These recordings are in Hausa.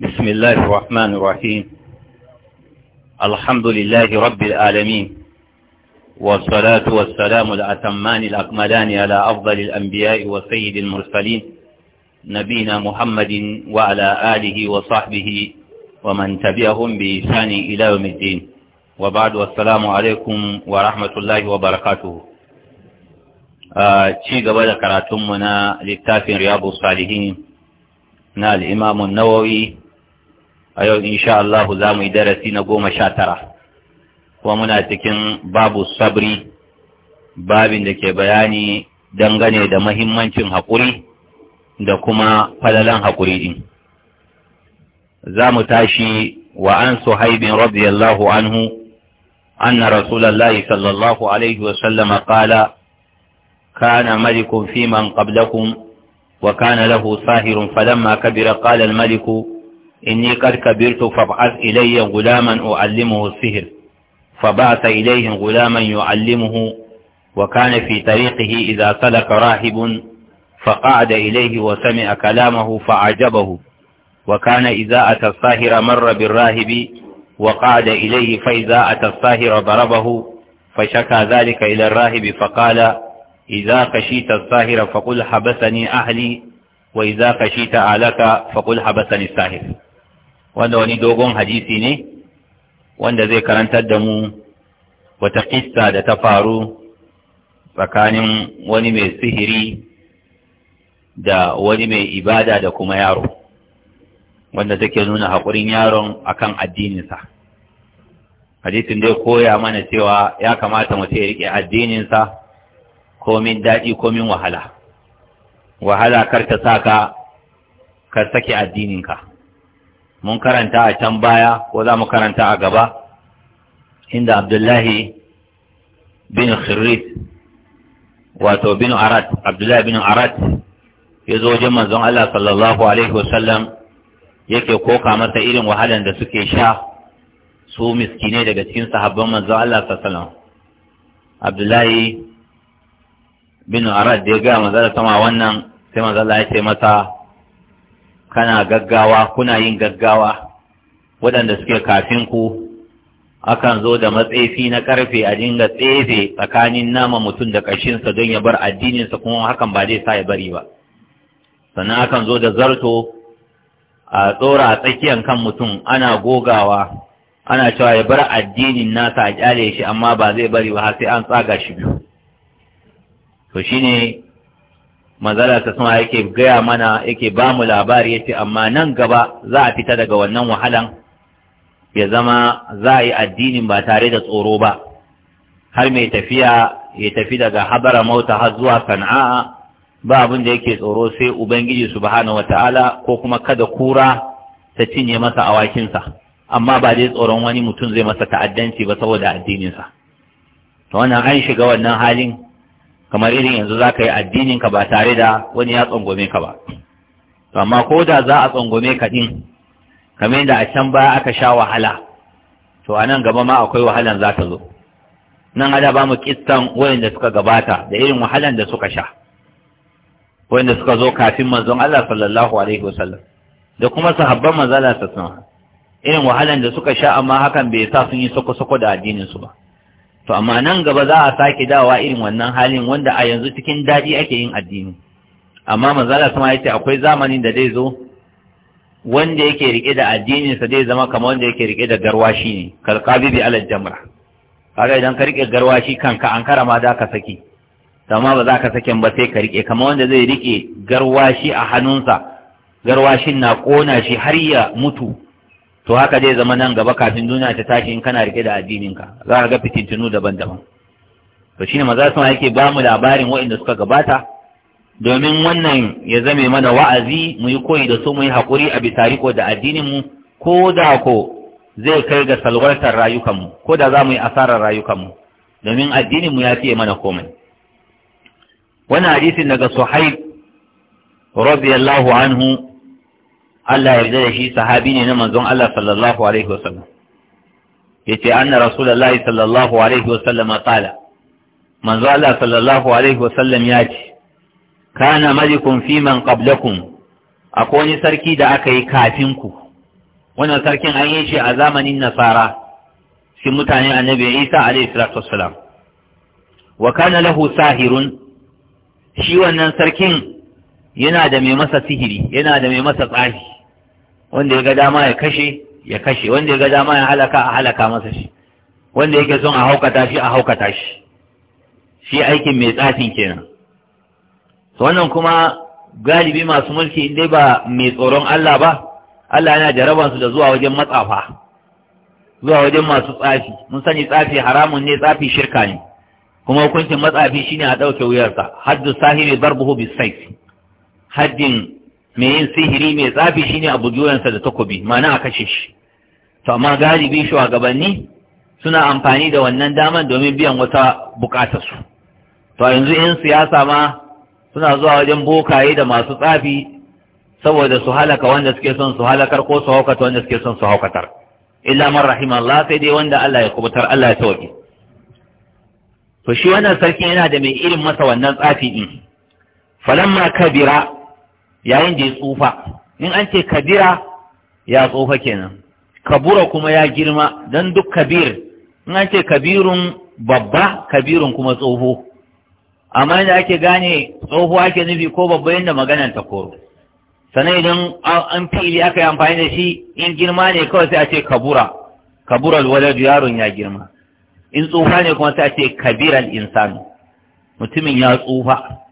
بسم الله الرحمن الرحيم الحمد لله رب العالمين والصلاة والسلام الأتمان الأكملان على أفضل الأنبياء وسيد المرسلين نبينا محمد وعلى آله وصحبه ومن تبعهم بإحسان إلى يوم الدين وبعد والسلام عليكم ورحمة الله وبركاته آه، شيء قبل كراتمنا karatunmu رياض الصالحين نال salihin النووي a yau insha Allah za mu yi darasi na goma sha tara kuma muna cikin babu sabri babin da ke bayani dangane da mahimmancin haƙuri da kuma falalan haƙuri din za mu tashi wa an suhaibin radiyallahu anhu anna rasulallahi sallallahu alaihi wasallama qala كان ملك في من قبلكم وكان له ساهر فلما كبر قال الملك إني قد كبرت فابعث إلي غلاما أعلمه السهر فبعث إليهم غلاما يعلمه وكان في طريقه إذا سلك راهب فقعد إليه وسمع كلامه فعجبه وكان إذا أتى الساهر مر بالراهب وقعد إليه فإذا أتى الساهر ضربه فشكى ذلك إلى الراهب فقال إذا خشيت الساهر فقل حبسني أهلي وإذا خشيت أهلك فقل حبسني الساهر wanda wani dogon hadisi ne wanda zai karantar da mu wata kista da ta faru tsakanin wani mai sihiri da wani mai ibada da kuma yaro wanda take nuna haƙurin yaron akan addininsa hadisin dai koya mana cewa ya kamata mutum ya riƙe addininsa komin daɗi komin wahala wahala kar ta saka ka sake addininka mun karanta a can baya ko za mu karanta a gaba inda abdullahi bin khirrit wato bin arat abdullahi bin arat ya zo wajen manzon Allah sallallahu alaihi wasallam yake koka masa irin wahalan da suke sha su miskinai daga cikin sahabban manzon Allah sallallahu alaihi wasallam abdullahi bin arat da ya ga manzon Allah sama wannan sai manzon Allah ya ce masa kana gaggawa kuna yin gaggawa waɗanda suke kafin ku akan zo da matsefi na ƙarfe a dinga tsefe tsakanin nama mutum da ƙashinsa don ya bar addininsa kuma hakan ba zai sa ya bari ba sannan akan zo da zarto a tsora a tsakiyar kan mutum ana gogawa ana cewa ya bar addinin nasa a kyale shi amma ba zai bari ba har sai an tsaga shi biyu to shine manzala ta sama yake gaya mana yake ba mu labari yace amma nan gaba za a fita daga wannan wahalan ya zama za a yi addinin ba tare da tsoro ba har mai tafiya ya tafi daga habara mauta har zuwa sana'a ba abin da yake tsoro sai ubangiji subhanahu wataala ko kuma kada kura ta cinye masa awakinsa amma ba dai tsoron wani mutum zai masa ta'addanci ba saboda addininsa to wannan an shiga wannan halin kamar irin yanzu za ka yi addinin ka ba tare da wani ya tsangome ka ba amma ko da za a tsangome ka din kamar yadda a can baya aka sha wahala to a nan gaba ma akwai wahalan za ta zo nan ada ba mu kistan da suka gabata da irin wahalan da suka sha da suka zo kafin manzon Allah sallallahu alaihi wasallam da kuma sahabban manzon Allah sallallahu alaihi wasallam irin wahalan da suka sha amma hakan bai sa sun yi soko-soko da addinin su ba to amma nan gaba za a sake dawa irin wannan halin wanda a yanzu cikin daɗi ake yin addini amma manzala kuma ya ce akwai zamanin da zai zo wanda yake rike da addininsa zai zama kamar wanda yake rike da garwashi ne kalqabi bi alal jamra kaga idan ka rike garwashi kanka an karama da ka saki amma ba za ka saken ba sai ka rike kamar wanda zai rike garwashi a hannunsa garwashin na kona shi har ya mutu to haka zai zama nan gaba kafin duniya ta tashi in kana rike da addininka za ka ga fitintunu daban-daban to shine maza su yake ba mu labarin waɗanda suka gabata domin wannan ya zame mana wa'azi mu yi koyi da su mu yi haƙuri a bisa riko da addininmu ko da ko zai kai ga salwartar rayukanmu ko da za mu yi asarar rayukanmu domin addininmu ya fiye mana komai wannan hadisin daga suhaib radiyallahu anhu Allah ya yarda da shi sahabi ne na manzon Allah sallallahu alaihi wasallam yace anna rasulullahi sallallahu alaihi wasallam qala manzo Allah sallallahu alaihi wasallam ya ce kana malikun fi man qablakum akwai wani sarki da aka yi kafin ku wannan sarkin an yi shi a zamanin nasara shi mutane annabi Isa alaihi salatu wassalam wa kana lahu sahirun shi wannan sarkin yana da mai masa sihiri yana da mai masa tsari. wanda ya ga dama ya kashe ya kashe wanda ya ga dama ya halaka a halaka masa shi wanda yake son a haukata shi a haukata shi shi aikin mai tsafin kenan wannan kuma galibi masu mulki dai ba mai tsoron Allah ba Allah yana jarabansu da zuwa wajen matsafa zuwa wajen masu tsafi mun sani tsafi haramun ne tsafi shirka ne kuma hukuncin matsafi shine a ɗauke wuyarsa haddu sahibi barbuhu bisayf haddin mai yin sihiri mai tsafi shine abu juyansa da takobi ma'ana a kashe shi to amma galibi shugabanni suna amfani da wannan daman domin biyan wata su. to yanzu 'yan siyasa ma suna zuwa wajen bokaye da masu tsafi saboda su halaka wanda suke son su halakar ko su haukata wanda suke son su haukatar illa man Allah sai dai wanda Allah ya kubutar Allah ya tawaki to shi wannan sarki yana da mai irin masa wannan tsafi din falamma kabira yayin da ya tsufa in an ce kabira ya tsufa kenan kabura kuma ya girma don duk kabir in an ce kabirun babba kabirun kuma tsoho amma da ake gane tsoho ake nufi ko babba yadda maganar ta koro sannan idan an fili aka yi amfani da shi in girma ne kawai sai a ce kabura kabural yaron ya girma in tsufa ne kuma sai a ce kabiran insanu mutumin ya tsufa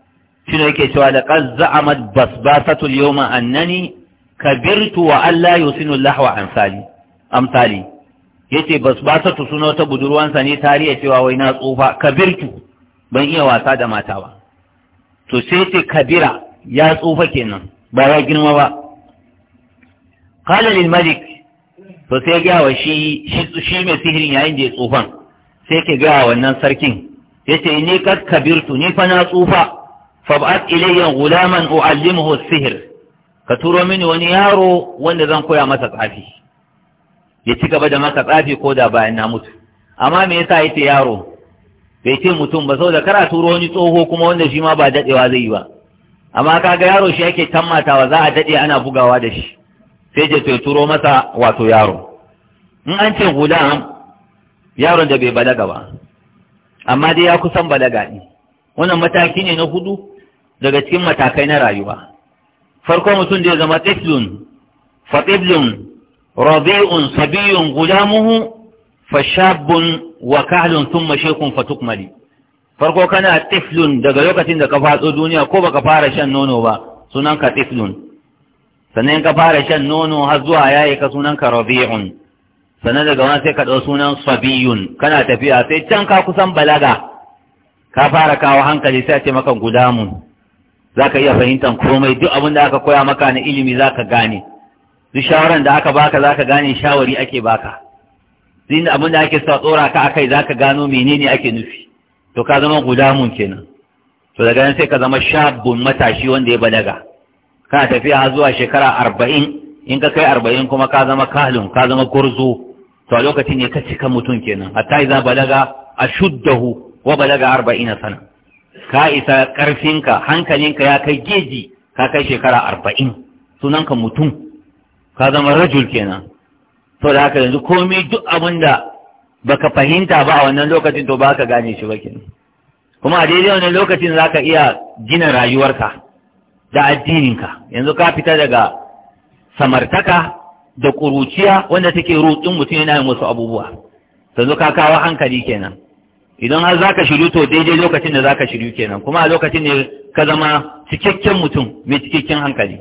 shi ne yake cewa laqad za'amat basbasatu yawma annani kabirtu wa alla yusinu lahwa amsali amsali yace basbasatu suna wata budurwansa ne tariya cewa wai na tsufa kabirtu ban iya wasa da mata ba to sai ce kabira ya tsufa kenan ba ya girma ba qala lil malik to sai ga wa shi shi mai sihirin yayin da ya tsufan sai ke ga wannan sarkin yace ni ka kabirtu ni fa na tsufa fab'at ilayya gulaman u'allimuhu sihir ka turo mini wani yaro wanda zan koya masa tsafi ya ci gaba da masa tsafi ko da bayan na mutu amma me yasa yace yaro bai ce mutum ba saboda kar a turo wani tsoho kuma wanda shi ma ba dadewa zai yi ba amma kaga yaro shi yake tammatawa za a dade ana bugawa da shi sai je to turo masa wato yaro in an ce gulam yaron da bai balaga ba amma dai ya kusan balaga ne wannan mataki ne na hudu daga cikin matakai na rayuwa farko mutum da ya zama tiflun faɗiblun, rabi'un sabiyun gudamuhu, fashabun wa sun mashe kun fatukmali farko kana tiflun daga lokacin da ka faɗo duniya ko baka fara shan nono ba sunan ka tiflun sannan ka fara shan nono har zuwa yayi ka sunan ka rabi'un sannan daga wani sai ka ɗau sunan sabiyun kana tafiya sai can ka kusan balaga ka fara kawo hankali sai a ce maka gudamun za ka iya fahimtar komai duk abin da aka koya maka na ilimi za ka gane duk shawaran da aka baka za ka gane shawari ake baka duk abin da ake sa tsora ka akai za ka gano menene ake nufi to ka zama gudamun kenan to daga nan sai ka zama shabun matashi wanda ya balaga kana tafiya har zuwa shekara arba'in in ka kai arba'in kuma ka zama kalin ka zama gurzo to a lokacin ne ka cika mutum kenan hatta iza balaga ashuddahu wa balaga arba'ina sana ka isa ƙarfinka hankalinka ya kai geji ka kai shekara arba'in sunanka mutum ka zama rajul kenan to da haka yanzu komai duk abin da baka fahimta ba a wannan lokacin to baka gane shi ba kenan kuma a daidai wannan lokacin za ka iya gina rayuwarka da addininka yanzu ka fita daga samartaka da ƙuruciya wanda take rutsin mutum yana yin wasu abubuwa yanzu ka kawo hankali kenan idan har za ka shiru to daidai lokacin da za ka shiru kenan kuma a lokacin ne ka zama cikakken mutum mai cikakken hankali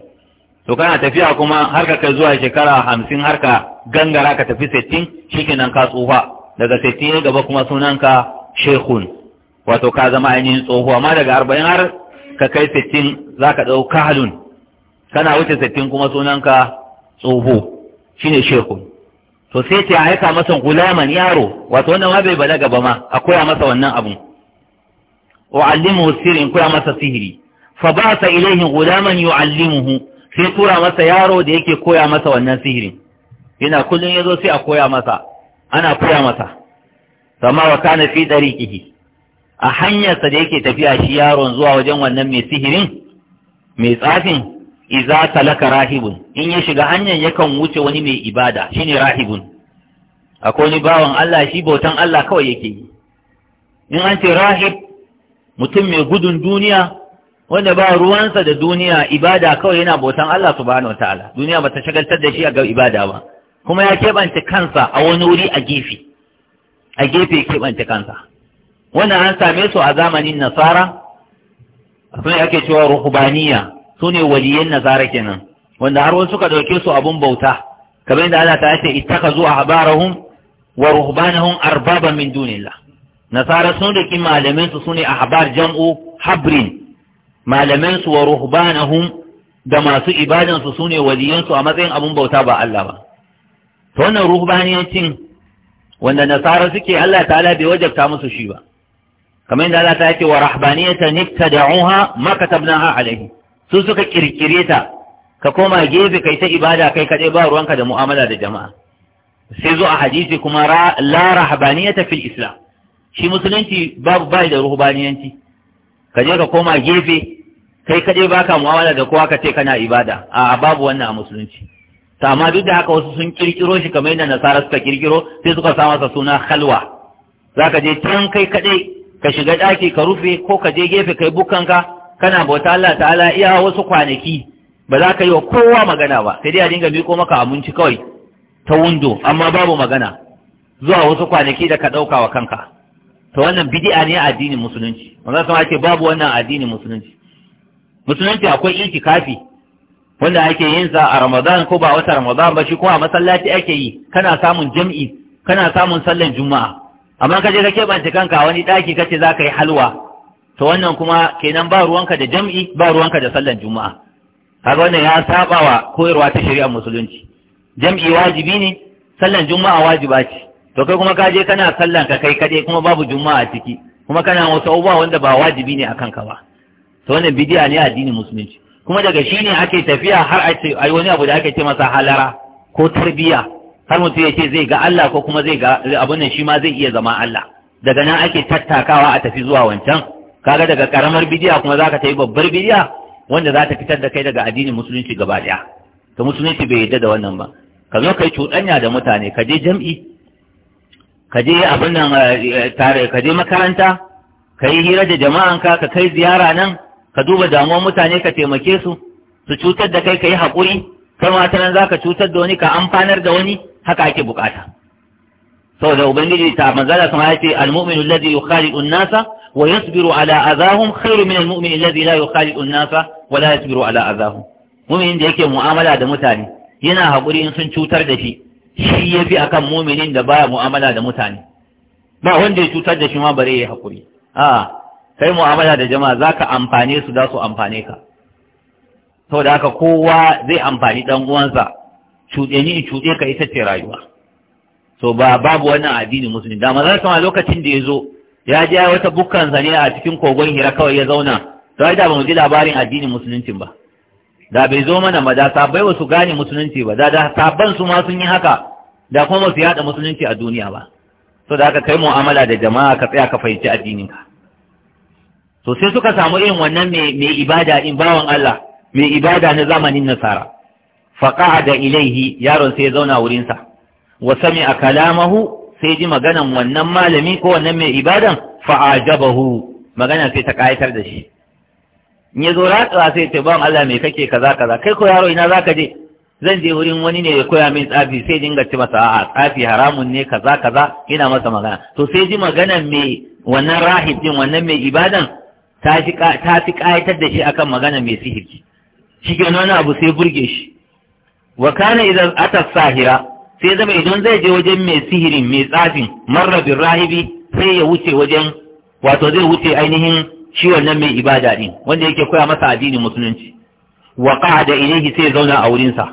to kana tafiya kuma har ka kai zuwa shekara hamsin har ka gangara ka tafi sittin shikenan ka tsufa daga sittin ya gaba kuma sunanka shekun wato ka zama ainihin tsoho amma daga arba'in har ka kai sittin za ka ɗau kahalun kana wuce sittin kuma sunanka tsoho shine shekun to sai ce a aika masa gulaman yaro wato wannan ma bai balaga ba ma a koya masa wannan abun wa allimu sirrin koya masa sihiri fa ba sa ilaihi gulaman yu'allimuhu sai tura masa yaro da yake koya masa wannan sihirin yana kullun yazo sai a koya masa ana koya masa sama wa kana fi dariqihi a hanyarsa da yake tafiya shi yaron zuwa wajen wannan mai sihirin mai tsafin iza talaka rahibun in ya shiga hanyar yakan wuce wani mai ibada shine rahibun akwai wani bawan Allah shi bautan Allah kawai yake yi in an ce rahib mutum mai gudun duniya wanda ba ruwansa da duniya ibada kawai yana bautan Allah subhanahu wataala duniya bata shagaltar da shi a ga ibada ba kuma ya keɓance kansa a wani wuri a gefe a gefe ya keɓance kansa wannan an same su a zamanin nasara akwai ake cewa ruhubaniya su ne waliyan nasara kenan wanda har wasu suka ɗauke su abun bauta kamar yadda Allah ta ce ittakazu ahbarahum wa ruhbanahum arbaban min dunillah nasara sun riki malamin su sune ahbar jam'u habrin malamin su wa ruhbanahum da masu ibadan su sune waliyan su a matsayin abun bauta ba Allah ba to wannan ruhbaniyancin wanda nasara suke Allah ta'ala bai wajabta musu shi ba kamar yadda Allah ta ce wa rahbaniyatan ibtada'uha ma katabnaha alaihi su suka kirkire ta ka koma gefe kai ta ibada kai kaɗai ba ruwanka da mu'amala da jama'a sai zo a hadisi kuma la rahabaniyata fil islam shi musulunci babu bai da ruhbaniyanci ka je ka koma gefe kai kaɗai baka mu'amala da kowa ka ce kana ibada a babu wannan a musulunci to amma duk da haka wasu sun kirkiro shi kamar yadda nasara suka kirkiro sai suka sa masa suna halwa zaka je can kai kaɗai ka shiga ɗaki ka rufe ko ka je gefe kai bukanka kana bauta Allah ta'ala iya wasu kwanaki ba za ka yi wa kowa magana ba sai dai a dinga miko maka abinci kawai ta wundo amma babu magana zuwa wasu kwanaki da ka dauka wa kanka to wannan bid'a ne a addinin musulunci wanda sun ake babu wannan addinin musulunci musulunci akwai kafi. wanda ake yin sa a Ramadan ko ba wata Ramadan ba shi ko a masallaci ake yi kana samun jam'i kana samun sallan juma'a amma kaje ka keɓance kanka wani ɗaki kace za ka yi halwa to wannan kuma kenan ba ruwanka da jam'i ba ruwanka da sallan juma'a kaga wannan ya saba wa koyarwa ta shari'ar musulunci jam'i wajibi ne sallan juma'a wajiba ce to kai kuma ka je kana sallan ka kai kaɗai kuma babu juma'a ciki kuma kana wasu abubuwa wanda ba wajibi ne akan ka ba to wannan bidiya ne addinin musulunci kuma daga shi ne ake tafiya har a ce ai wani abu da ake ce masa halara ko tarbiya har mutum ya ce zai ga Allah ko kuma zai ga abin nan shi ma zai iya zama Allah daga nan ake tattakawa a tafi zuwa wancan kaga daga karamar bidiya kuma zaka ta yi babbar bidiya wanda za ta fitar da kai daga addinin musulunci gaba daya to musulunci bai yadda da wannan ba ka zo kai cuɗanya da mutane ka je jam'i ka je abin nan eh, eh, tare ka je makaranta ka yi hira da jama'anka ka kai ziyara nan ka duba damuwar mutane ka taimake su su cutar da kai ka yi haƙuri kai ma nan za ka cutar da wani ka amfanar da wani haka ake buƙata. saboda ubangiji ta manzala kuma ya ce almu'minu alladhi yukhaliqu an-nasa wa yasbiru ala adahum khairu min almu'min alladhi la yukhaliqu an-nasa wa la yasbiru ala mu'minin da yake mu'amala da mutane yana haƙuri in sun cutar da shi shi yafi akan mu'minin da baya mu'amala da mutane ba wanda ya cutar da shi bare ya haƙuri kai mu'amala da jama'a zaka amfane su da su amfane ka saboda haka kowa zai amfani dan uwansa cuɗe ni cuɗe ka ita ce rayuwa to ba babu wannan addinin musulmi da manzon sama lokacin da ya zo ya je wata bukkan zane a cikin kogon hira kawai ya zauna to ai da ba mu ji labarin addinin musulunci ba da bai zo mana ba da sabai wasu gane musulunci ba da da sabban su ma sun yi haka da kuma su yada musulunci a duniya ba so da aka kai mu'amala da jama'a ka tsaya ka fahimci addinin ka to sai suka samu irin wannan mai ibada in bawan Allah mai ibada na zamanin nasara da ilaihi yaron sai ya zauna wurin sa wa a kalamahu sai ji maganan wannan malami ko wannan mai ibadan fa'ajabahu magana sai ta kayatar da shi in ya zo ratsuwa sai ta ban Allah mai kake kaza kaza kai ko yaro ina zaka je zan je wurin wani ne ya koya min tsafi sai dinga ci masa a'a tsafi haramun ne kaza kaza ina masa magana to sai ji maganan mai wannan rahib din wannan mai ibadan ta fi kayatar da shi akan magana mai sihirci shi wani abu sai burge shi wa kana idan ata sahira sai zama idan zai je wajen mai sihirin mai tsafin marrabin rahibi sai ya wuce wajen wato zai wuce ainihin shi nan mai ibada din wanda yake koya masa addinin musulunci wa qa'ada ilayhi sai zauna a wurin sa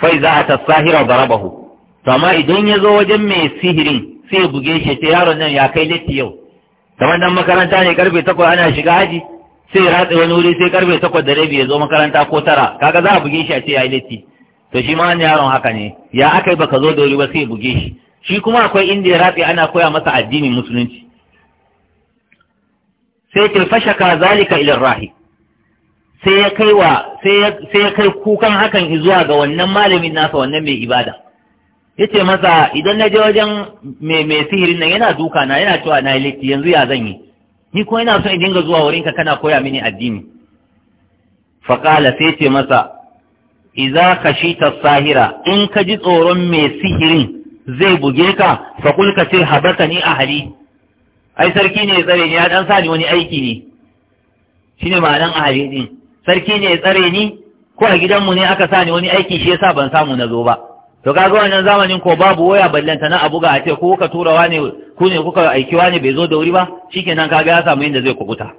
fa iza ata sahira darabahu to amma idan ya zo wajen mai sihirin sai ya buge shi ta yaron nan ya kai latti yau kamar dan makaranta ne karfe takwas ana shiga haji sai ya ratsa wani wuri sai karfe takwas da rabi ya zo makaranta ko tara kaga za a buge shi a ce ya yi latti to shi ma yaron haka ne ya aka yi baka zo da wuri ba sai buge shi shi kuma akwai inda ya ratse ana koya masa addinin musulunci sai ke ka zalika ilar rahi sai ya kai wa sai ya kai kukan hakan zuwa ga wannan malamin nasa wannan mai ibada Ya ce masa idan na je wajen mai mai sihirin nan yana duka na yana cewa na yi yanzu ya zan yi ni kuma ina son in dinga zuwa wurinka kana koya mini addini Faƙala sai ce masa iza kashita sahira in ka ji tsoron mai sihirin zai buge ka fa kul ka ce a ahli ai sarki ne tsare ni ya dan sa wani aiki ne shine ma'anan ahli din sarki ne tsare ni ko a gidanmu ne aka sani wani aiki shi yasa ban samu na zo ba to kaga wannan zamanin ko babu waya ballanta na abuga a ce ko ka tura wani ku ne kuka aiki wani bai zo da wuri ba shikenan kaga ya samu inda zai kubuta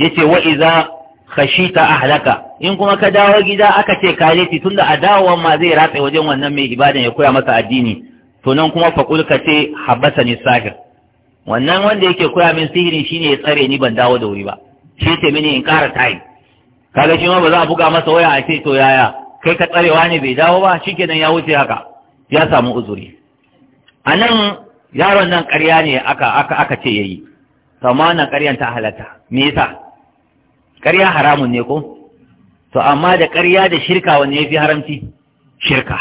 yace wa iza Kashi khashita ahlaka in kuma ka dawo gida aka ce ka laifi tunda a dawowan ma zai ratse wajen wannan mai ibadan ya koya masa addini to nan kuma faqul ka ce habasa ni sahir wannan wanda yake koya min sihiri shine ya tsare ni ban dawo da wuri ba shi ce mini in ƙara tayi kaga shi ma ba za a buga masa waya a ce to yaya kai ka tsarewa ne bai dawo ba shikenan ya wuce haka ya samu uzuri a nan yaron nan ƙarya ne aka aka ya ce yayi amma nan ƙaryan ta halatta me yasa ƙarya haramun ne ko to amma da ƙarya da shirka wanne ya fi haramci shirka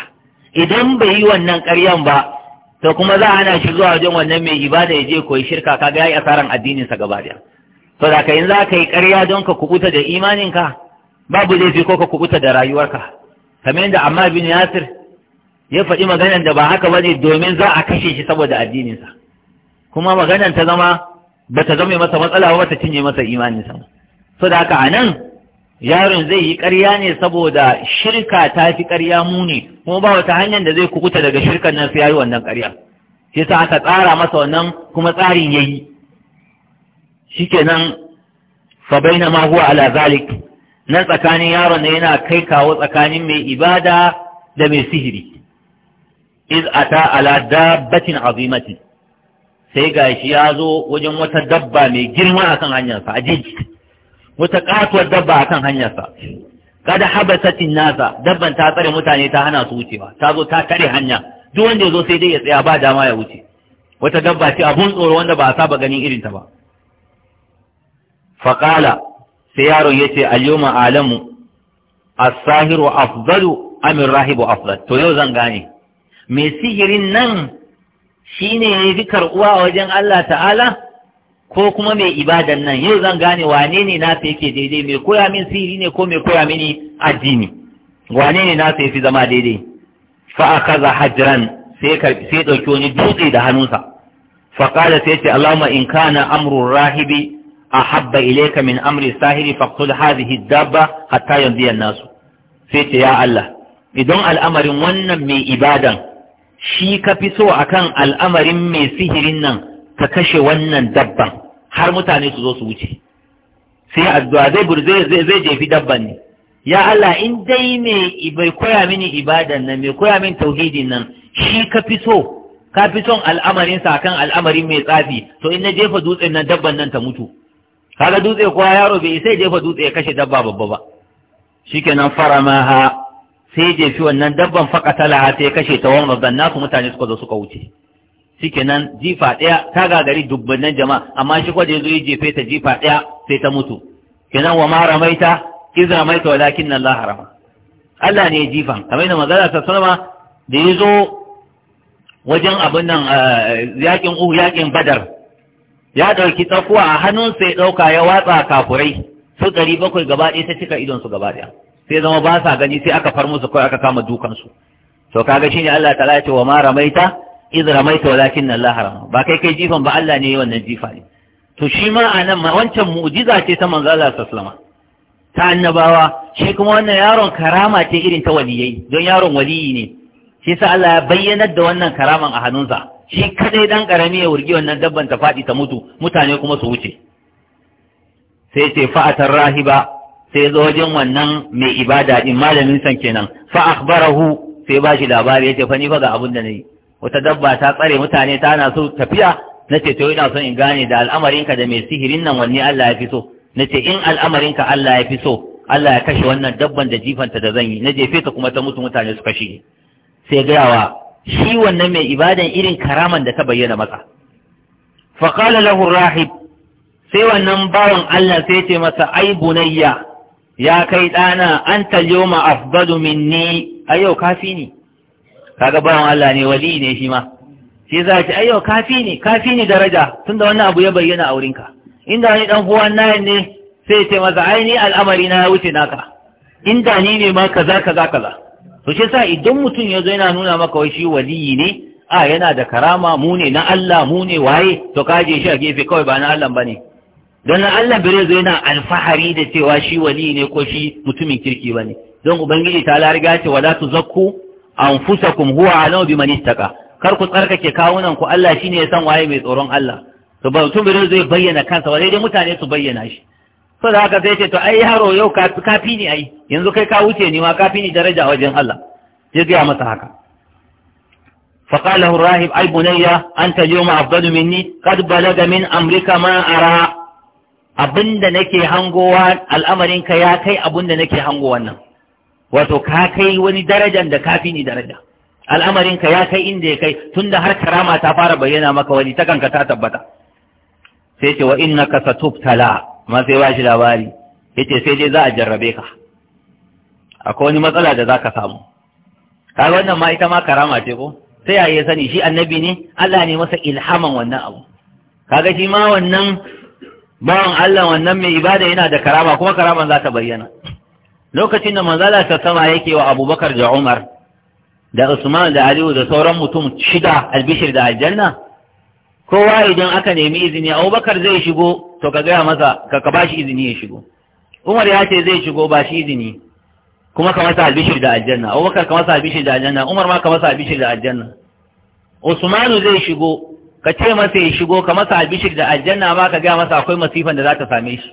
idan bai yi wannan ƙaryan ba to kuma za a hana shi zuwa wajen wannan mai ibada ya je koyi shirka ka kaga yi asaran addininsa gaba ɗaya to da kayin za ka yi ƙarya don ka kubuta da imaninka babu laifi ko ka kubuta da rayuwarka kamar yadda amma bin yasir ya faɗi maganar da ba haka bane domin za a kashe shi saboda addininsa kuma maganar ta zama ba ta zama masa matsala ba ta cinye masa imaninsa so da a nan yaron zai yi ƙarya ne saboda shirka ta fi ƙarya muni kuma ba wata hanyar da zai kukuta daga shirkan nan sai yayi wannan ƙarya shi yasa aka tsara masa wannan kuma tsarin yayi shikenan fa baina ma huwa ala zalik nan tsakanin yaron ne yana kai kawo tsakanin mai ibada da mai sihiri iz ata ala dabbatin azimati, sai gashi ya zo wajen wata dabba mai girma akan hanyarsa a wata katuwar dabba a kan hanyarsa kada habasatin nasa dabban ta tsare mutane ta hana su wucewa ta zo ta tare hanya duk wanda ya zo sai dai ya tsaya ba dama ya wuce wata dabba ce abun tsoro wanda ba a saba ganin irinta ba faƙala sai yaron ya ce alyoma alamu as-sahiru afdalu amin rahibu Afzal, to yau zan gane me sihirin nan shine ya fi karɓuwa wajen Allah ta'ala ko kuma mai ibadan nan yau zan gane wane ne na yake daidai mai koya min sirri ne ko mai koya mini addini wane ne na fi zama daidai fa kaza hajran sai karbi sai dauki wani dutse da hannunsa fa qala sai ce allahumma in kana amru rahibi ahabba ilaika min amri sahiri faqtul hadhihi dabba hatta yanziya nasu sai ce ya allah idan al'amarin wannan mai ibadan shi ka fi so akan al'amarin mai sihirin nan ka kashe wannan dabban har mutane su zo su wuce sai addu'a zai zai zai jefi dabban ne ya Allah in dai me bai koya mini ibadan nan me koya min tauhidin nan shi ka fi so ka fi son al'amarin sa kan al'amarin mai tsafi to in na jefa dutsen nan dabban nan ta mutu kaga dutse kowa yaro bai sai jefa dutse ya kashe dabba babba ba shikenan faramaha sai jefi wannan dabban faqatala sai kashe ta wannan nasu mutane suka zo suka wuce nan jifa ɗaya ta gagari nan jama'a amma shi ya zo ya jefe ta jifa ɗaya sai ta mutu kenan wa ma ramaita iz ramaita walakin Allah rama Allah ne ya jifa kamar da magana ta sallama da ya zo wajen abin nan eh, yakin uhu yakin badar ya ɗauki tsakuwa a hannun sai ɗauka ya watsa kafurai su ɗari bakwai gaba ɗaya ta cika idon su gaba ɗaya sai zama ba sa gani sai aka far musu kawai aka kama dukansu to kaga ne Allah ta ya wa ma ramaita idh ramaita walakin Allah lahara. ba kai kai jifan ba Allah ne wannan jifa ne to shi ma anan ma wancan mu'jiza ce ta manzo Allah sallallahu ta annabawa shi kuma wannan yaron karama ce irin ta waliyai don yaron waliyi ne shi sa Allah ya bayyanar da wannan karaman a hannunsa shi kadai dan karami ya wurgi wannan dabban ta faɗi ta mutu mutane kuma su wuce sai ce fa'atar rahiba sai zo wajen wannan mai ibada din malamin san kenan fa akhbarahu sai ba shi labari ce fa ni fa ga abin da nayi wata dabba ta tsare mutane ta na so tafiya na ce to ina son in gane da al'amarinka da mai sihirin nan wanne Allah ya fi so na ce in al'amarinka Allah ya fi so Allah ya kashe wannan dabban da jifanta da zan yi na jefe ta kuma ta mutu mutane su kashe sai gayawa shi wannan mai ibadan irin karaman da ta bayyana masa faqala lahu rahib sai wannan bawan Allah sai ce masa ai bunayya ya kai ɗana an talyoma afdalu minni a yau kafini. ni kaga bawan Allah ne wali ne shi ma shi za ki ayyau kafi ne kafi ne daraja tunda wannan abu ya bayyana a wurinka inda wani dan huwan nayin ne sai ce maza aini al'amari na ya wuce naka inda ni ne ma kaza kaza kaza to shi sa idan mutum ya zo yana nuna maka wai shi waliyi ne a yana da karama mu ne na Allah mu ne waye to ka shi a gefe kawai ba na Allah bane don na Allah bare zo yana alfahari da cewa shi waliyi ne ko shi mutumin kirki bane don ubangiji ta riga ce wala tuzakku anfusakum huwa alamu biman ittaqa kar ku tsarkake kawunan ku Allah shine ya san waye mai tsoron Allah to ba mutum bai zai bayyana kansa ba dai mutane su bayyana shi so da haka sai ce to ai yaro yau kafi ni ai yanzu kai ka wuce ni ma kafi ni daraja a wajen Allah sai ga masa haka فقال له rahib ay bunayya anta yawma afdalu minni qad balaga min amrika ma ara abinda nake hangowa ka ya kai abinda nake hangowa nan wato ka kai wani darajan da kafi ni daraja al'amarinka ya kai inda ya kai tunda har karama ta fara bayyana maka wani ta kanka ta tabbata sai ce wa satub satubtala ma sai ba shi labari yace sai dai za a jarrabe ka akwai wani matsala da zaka samu kaga wannan ma ita ma karama ce ko sai yaye sani shi annabi ne Allah ne masa ilhaman wannan abu kaga shi ma wannan bawan Allah wannan mai ibada yana da karama kuma karaman za ta bayyana lokacin da manzala ta sama yake wa abubakar da umar da usman da aliyu da sauran mutum shida albishir da aljanna kowa idan aka nemi izini abubakar zai shigo to ka gaya masa ka ka bashi izini ya shigo umar ya ce zai shigo ba shi izini kuma ka masa albishir da aljanna abubakar ka masa albishir da aljanna umar ma ka masa albishir da aljanna usmanu zai shigo ka ce masa ya shigo ka masa albishir da aljanna ba ka gaya masa akwai masifan da za ta same shi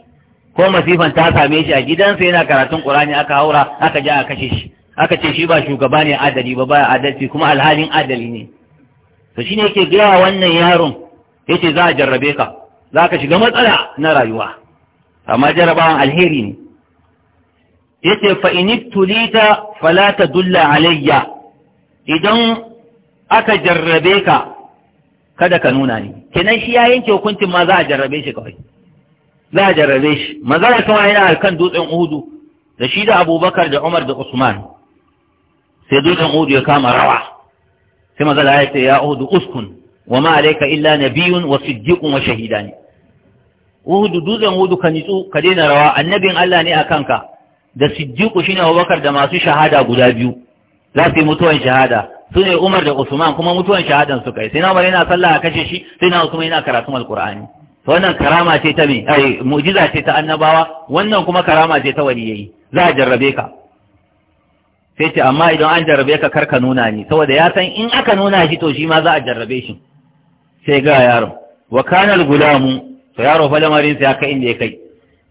ko masifan ta same shi a gidansa yana karatun Qur'ani aka haura aka ja aka kashe shi aka ce shi ba shugaba ne adali ba ba adalci kuma alhalin adali ne to shine yake gaya wannan yaron yace za a jarrabe ka za ka shiga matsala na rayuwa amma jarrabawan alheri ne yace fa inibtulita fala tadulla alayya idan aka jarrabe ka kada ka nuna ni kenan shi ya yanke hukuncin ma za a jarrabe shi kawai za a jarrabe shi manzara kuma yana alkan dutsen uhudu da shi da abubakar da umar da usman sai dutsen uhudu ya kama rawa sai manzara ya ce ya uhudu uskun wa ma alayka illa nabiyyun wa siddiqun wa shahidani uhudu dutsen uhudu ka nitsu ka daina rawa annabin Allah ne a kanka da siddiqu shine abubakar da masu shahada guda biyu za su yi mutuwan shahada su ne umar da usman kuma mutuwan shahadan su kai sai na yana sallah a kashe shi sai na usman yana karatun alqur'ani wannan karama ce ta me ai mu'jiza ce ta annabawa wannan kuma karama ce ta waliyayi za a jarrabe ka sai ce amma idan an jarrabe ka kar ka nuna ni saboda ya san in aka nuna shi to shi ma za a jarrabe shi sai ga yaron wa kanal gulamu to yaro fa lamarin sai aka inda ya kai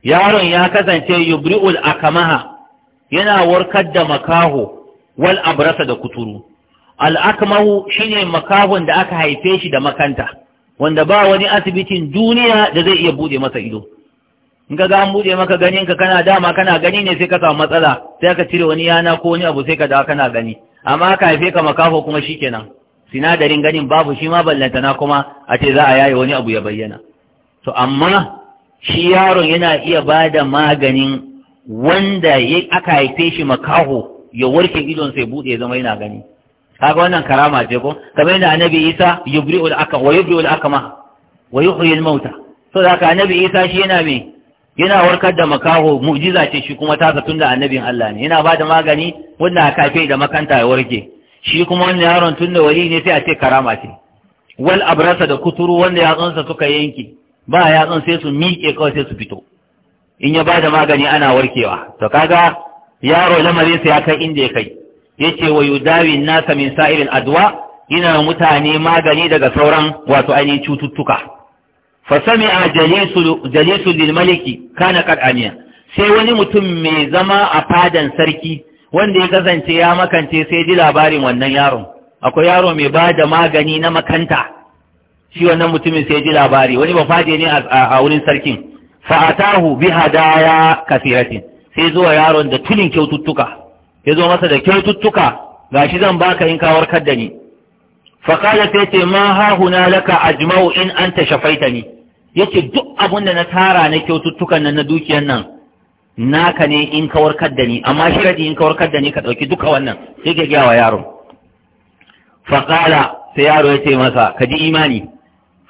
yaron ya kasance yubri'ul akamaha yana warkar da makaho wal abrasa da kuturu al akmahu shine makahon da aka haife shi da makanta wanda ba wani asibitin duniya da zai iya bude masa ido in ka ga an bude maka ganin ka kana dama kana gani ne sai ka samu matsala sai ka cire wani yana ko wani abu sai ka dawo kana gani amma ka haife ka makaho kuma shikenan sinadarin ganin babu shi ma ballantana kuma a ce za a yaye wani abu ya bayyana to amma shi yaron yana iya ba da maganin wanda aka haife shi makaho ya warke idon sai bude ya zama yana gani kaga wannan karama ce ko kamar yadda annabi isa yubri'u al-aka wa yubri'u al-akma wa yuhyi al-mauta so da ka annabi isa shi yana me yana warkar da makaho mu'jiza ce shi kuma ta tun da annabin Allah ne yana bada magani wanda aka kafe da makanta ya warke shi kuma wannan yaron tun wali ne sai a ce karama ce wal abrasa da kuturu wanda yatsunsa suka yanke ba yatsun sai su miƙe kawai sai su fito in ya bada magani ana warkewa to kaga yaro lamarin sa ya kai inda ya kai yace wa yudawi nasa min sa'ilil adwa yana mutane magani daga sauran wato ainihin cututtuka fa sami'a jalisu jalisu lil maliki kana qad amiya sai wani mutum mai zama a fadan sarki wanda ya kasance ya makance sai ji labarin wannan yaron akwai yaro mai ba da magani na makanta shi wannan mutumin sai ji labari wani ba faje ne a wurin sarkin atahu bi hadaya kasiratin sai zuwa yaron da tulin kyaututtuka ya zo masa da kyaututtuka ga shi zan baka in kawar kadda da ni fa qala sai ce ma ha huna laka ajma'u in ni. Ya ce duk abunda da na tara na kyaututtukan nan na dukiyan nan naka ne in kawar kadda da ni amma sharadi in kawar kadda da ni ka ɗauki duka wannan sai ka wa yaro sai yaro ya ce masa ka ji imani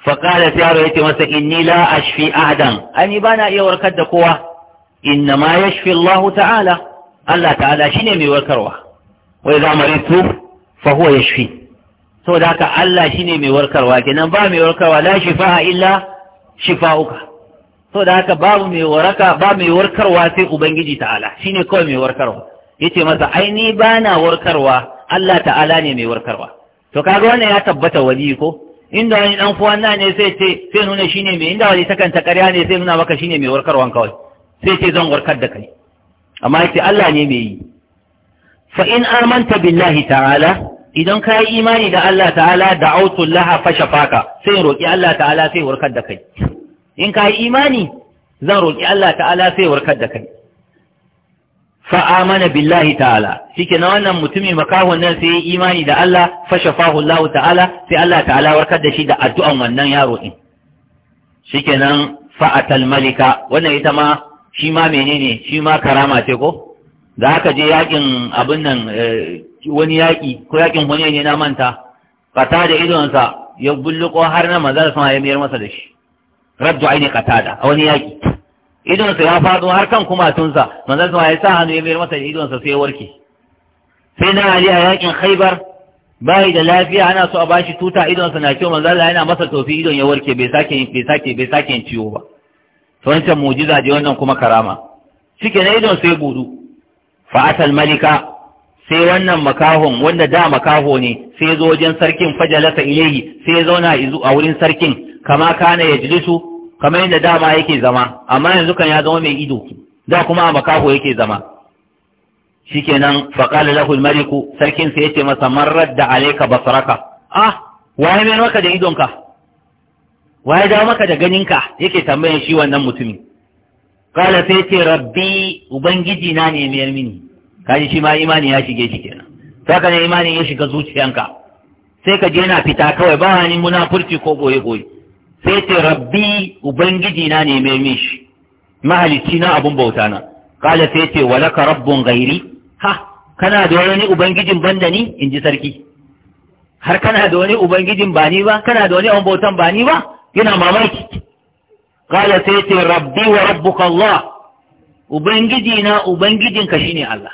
fa qala sai yaro ya ce masa inni la ashfi ahadan ani bana iya warkar da kowa inna ma yashfi Allah ta'ala Allah ta'ala shine mai warkarwa wai za mu maritu fa huwa yashfi saboda haka Allah shine mai warkarwa kenan ba mai warkarwa la shifa illa shifa'uka saboda haka babu mai waraka ba mai warkarwa sai ubangiji ta'ala shine kawai mai warkarwa yace masa ai ni bana warkarwa Allah ta'ala ne mai warkarwa to kaga wannan ya tabbata wali ko inda wani dan fuwan na ne sai ce sai nuna shine mai inda wali takan ta ƙarya ne sai nuna maka shine mai warkarwan kawai sai ce zan warkar da kai amma yace Allah ne mai yi fa in amanta billahi ta'ala idan ka yi imani da Allah ta'ala da da'autu laha faka, sai roƙi Allah ta'ala sai warkar da kai in ka yi imani zan roƙi Allah ta'ala sai warkar da kai Fa amana billahi ta'ala shike na wannan mutumin makahon nan sai yi imani da Allah fashafahu Allah ta'ala sai Allah ta'ala warkar da shi da addu'an wannan yaro din shike nan fa'atal malika wannan ita ma shi ma menene shi ma karama ce ko da haka je yakin abin nan eh, wani yaki ko yakin wani ne na manta kata da idonsa ya bulluko har na manzala sama ya mayar masa da shi raddu aini katada a wani yaki idonsa ya faɗo har kan kuma tunsa manzala sama ya sa hannu ya mayar masa da idonsa sai ya warke sai na ali a yakin khaibar bai da lafiya ana so a bashi tuta idonsa na kyau manzala yana masa tofi idon ya warke bai sake bai sake bai sake ciwo ba to wancan mujiza je wannan kuma karama Cike na idon sai budu fa atal malika sai wannan makahon wanda da makaho ne sai zo wajen sarkin fajalasa ilayhi sai zauna a wurin sarkin kama kana ya jilisu kamar yadda dama yake zama amma yanzu kan ya zama mai ido da kuma a makaho yake zama shikenan faqala lahu al-maliku sarkin sai yace masa marrad da alayka basaraka ah wai mai maka da idonka wa ya dawo maka da ganinka yake tambayan shi wannan mutumin kala sai ce rabbi ubangiji na ne mayar mini kaji shi ma imani ya shige shi kenan sai ka ne imani ya shiga zuciyanka sai ka je na fita kawai ba wani munafurci ko goye goye sai ce rabbi ubangiji na ne mayar min shi mahalicci na abun bauta na kala sai ce walaka rabbun gairi ha kana da wani ubangijin banda ni in ji sarki har kana da wani ubangijin ba ni ba kana da wani abun bautan ba ni ba gina mamaki kala sai ce rabbi wa rabbuka Allah ubangiji na ubangijinka shine Allah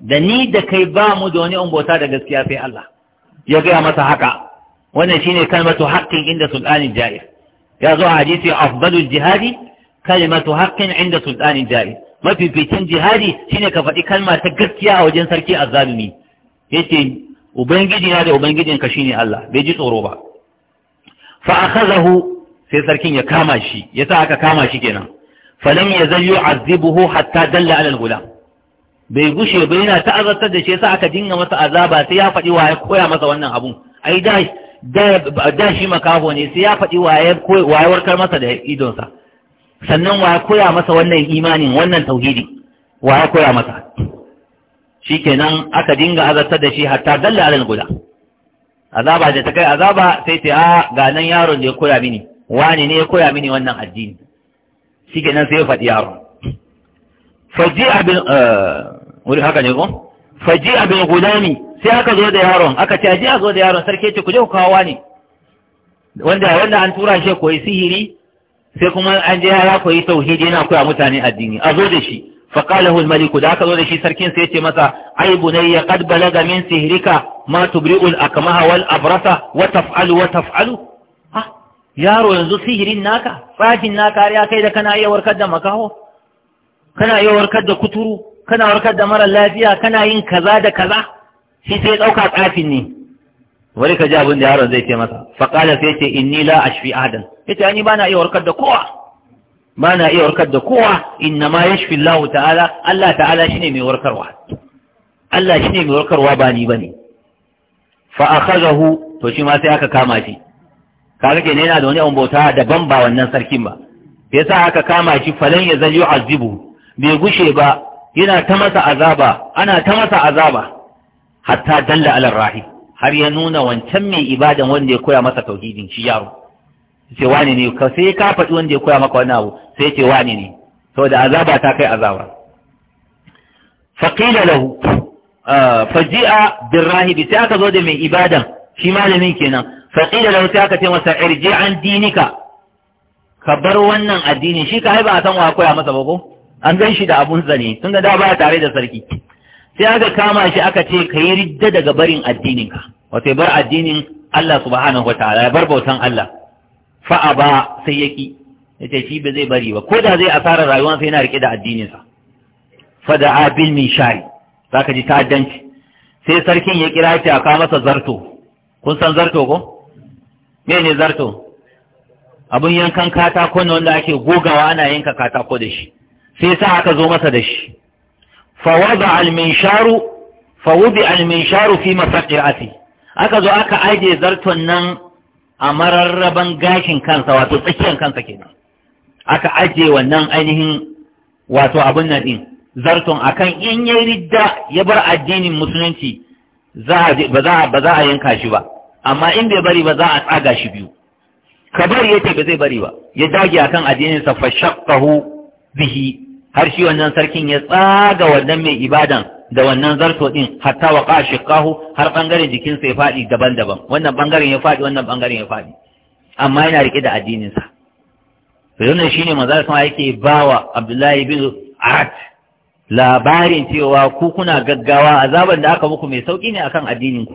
da ni da kai ba mu da wani umbota da gaskiya sai Allah ya gaya masa haka wannan shine kalmatu haqqin inda sultanin jair ya zo a hadisi afdalul jihadi kalmatu haqqin inda sultanin jair mafificin jihadi shine ka faɗi kalma ta gaskiya a wajen sarki azzalumi yace ubangiji na da ubangijinka shine Allah bai ji tsoro ba fa akhadahu sai sarkin ya kama shi ya sa aka kama shi kenan falam yazal yu'azzibuhu hatta dalla ala al-gulam bai gushe ba yana ta'azzartar da shi yasa aka dinga masa azaba sai ya faɗi wa ya koya masa wannan abun ai da shi makaho ne sai ya faɗi wa ya warkar masa da idonsa sannan wa ya koya masa wannan imanin wannan tauhidi wa ya koya masa shikenan aka dinga azartar da shi hatta dalla ala guda. azaba da ta kai azaba sai ta a ga nan yaron da ya koya mini wani ne ya koya mini wannan addini shi nan sai ya faɗi yaron faji abin eh, wuri haka ne ko faji abin gudani sai aka zo da yaron aka ce aji a zo da yaron sarki ce ku je ku kawo wani wanda wanda an tura shi koyi sihiri sai kuma an je ya koyi tauhidi yana koya mutane addini a zo da shi فقال له الملك ذاك ذو شي سركين سيتي مسا اي بني قد بلغ من سهرك ما تبرئ الاكمه والابرص وتفعل وتفعل ها yaro yanzu sihirin naka tsafin naka ya kai da kana iya warkar da makaho kana iya warkar da kuturu kana warkar da mara lafiya kana yin kaza da kaza shi sai dauka tsafin ne wani ka abin da yaron zai ce masa faqala sai ce inni la ashfi ahadan yace ani bana iya warkar da kowa ba na iya warkar da kowa inna ma ya yashfi Allah ta'ala Allah ta'ala shine mai warkarwa Allah shine mai warkarwa ba ni bane fa akhadahu to shi ma sai aka kama shi Ka kaga ne yana da wani abun bauta daban ba wannan sarkin ba Ya sa aka kama shi falon ya zalyu azibu bai gushe ba yana ta masa azaba ana ta masa azaba hatta dalla ala rahi har ya nuna wancan mai ibadan wanda ya koya masa tauhidin shi yaro ce wani ne sai ka faɗi wanda ya koya maka wani abu sai ce wani ne da azaba ta kai azaba faqila lahu ah, faji'a birrahibi sai aka zo da mai ibada shi malamin kenan faqila lahu sai aka ce masa irji an dinika ka bar wannan addini shi ka haiba a san wa koya masa ba ko an gan shi da abun zane tun da ba tare da sarki sai aka kama shi aka ce ka yi ridda daga barin addininka wato bar addinin Allah subhanahu wa ta'ala bar bautan Allah fa'a ba sai ya ƙi ya ce shi ba zai bari ba ko da zai asarar rayuwa sai yana riƙe da addininsa fada abin min shari za ka ji ta'addanci sai sarkin ya kira shi a kawo masa zarto kun san zarto ko me ne zarto abun yankan katako ne wanda ake gogawa ana yanka katako da shi sai sa aka zo masa da shi fawada alminsharu fawudi alminsharu fi masaqirati aka zo aka aje zarton nan a mararraban gashin kansa wato tsakiyar kansa ke aka ajiye wannan ainihin wato abin nan din zarton akan in ya ridda ya bar addinin musulunci ba za a yanka shi ba amma in bai bari ba za a tsaga shi biyu ya ce ba zai bari ba ya dage akan addinin sa fashaqahu bihi har shi wannan sarkin ya tsaga wannan mai ibadan da wannan zarto din hatta wa qashiqahu har bangaren sa ya fadi daban-daban wannan bangaren ya fadi wannan bangaren ya fadi amma yana rike da addinin sa to yana shine manzo sama yake bawa Abdullahi bin Arat labarin cewa ku kuna gaggawa azaban da aka muku mai sauki ne akan addinin ku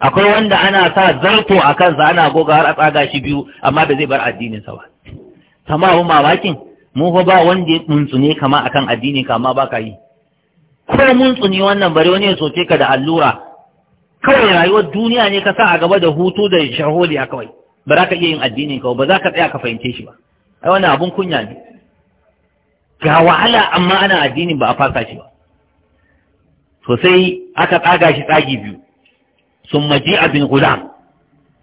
akwai wanda ana sa zarto a kansa ana goga har a tsaga shi biyu amma ba zai bar addinin sa ba sama abu mamakin mu ba wanda ya tsuntsune kama akan addini kama amma ba ka yi ko mun tsuni wannan bare wani ya soke ka da allura kawai rayuwar duniya ne ka sa a gaba da hutu da a kawai ba za ka iya yin addinin ka ba za ka tsaya ka fahimce shi ba ai wannan abun kunya ne ga wahala amma ana addinin ba a fasa shi ba to sai aka tsaga shi tsagi biyu sun maji abin gudan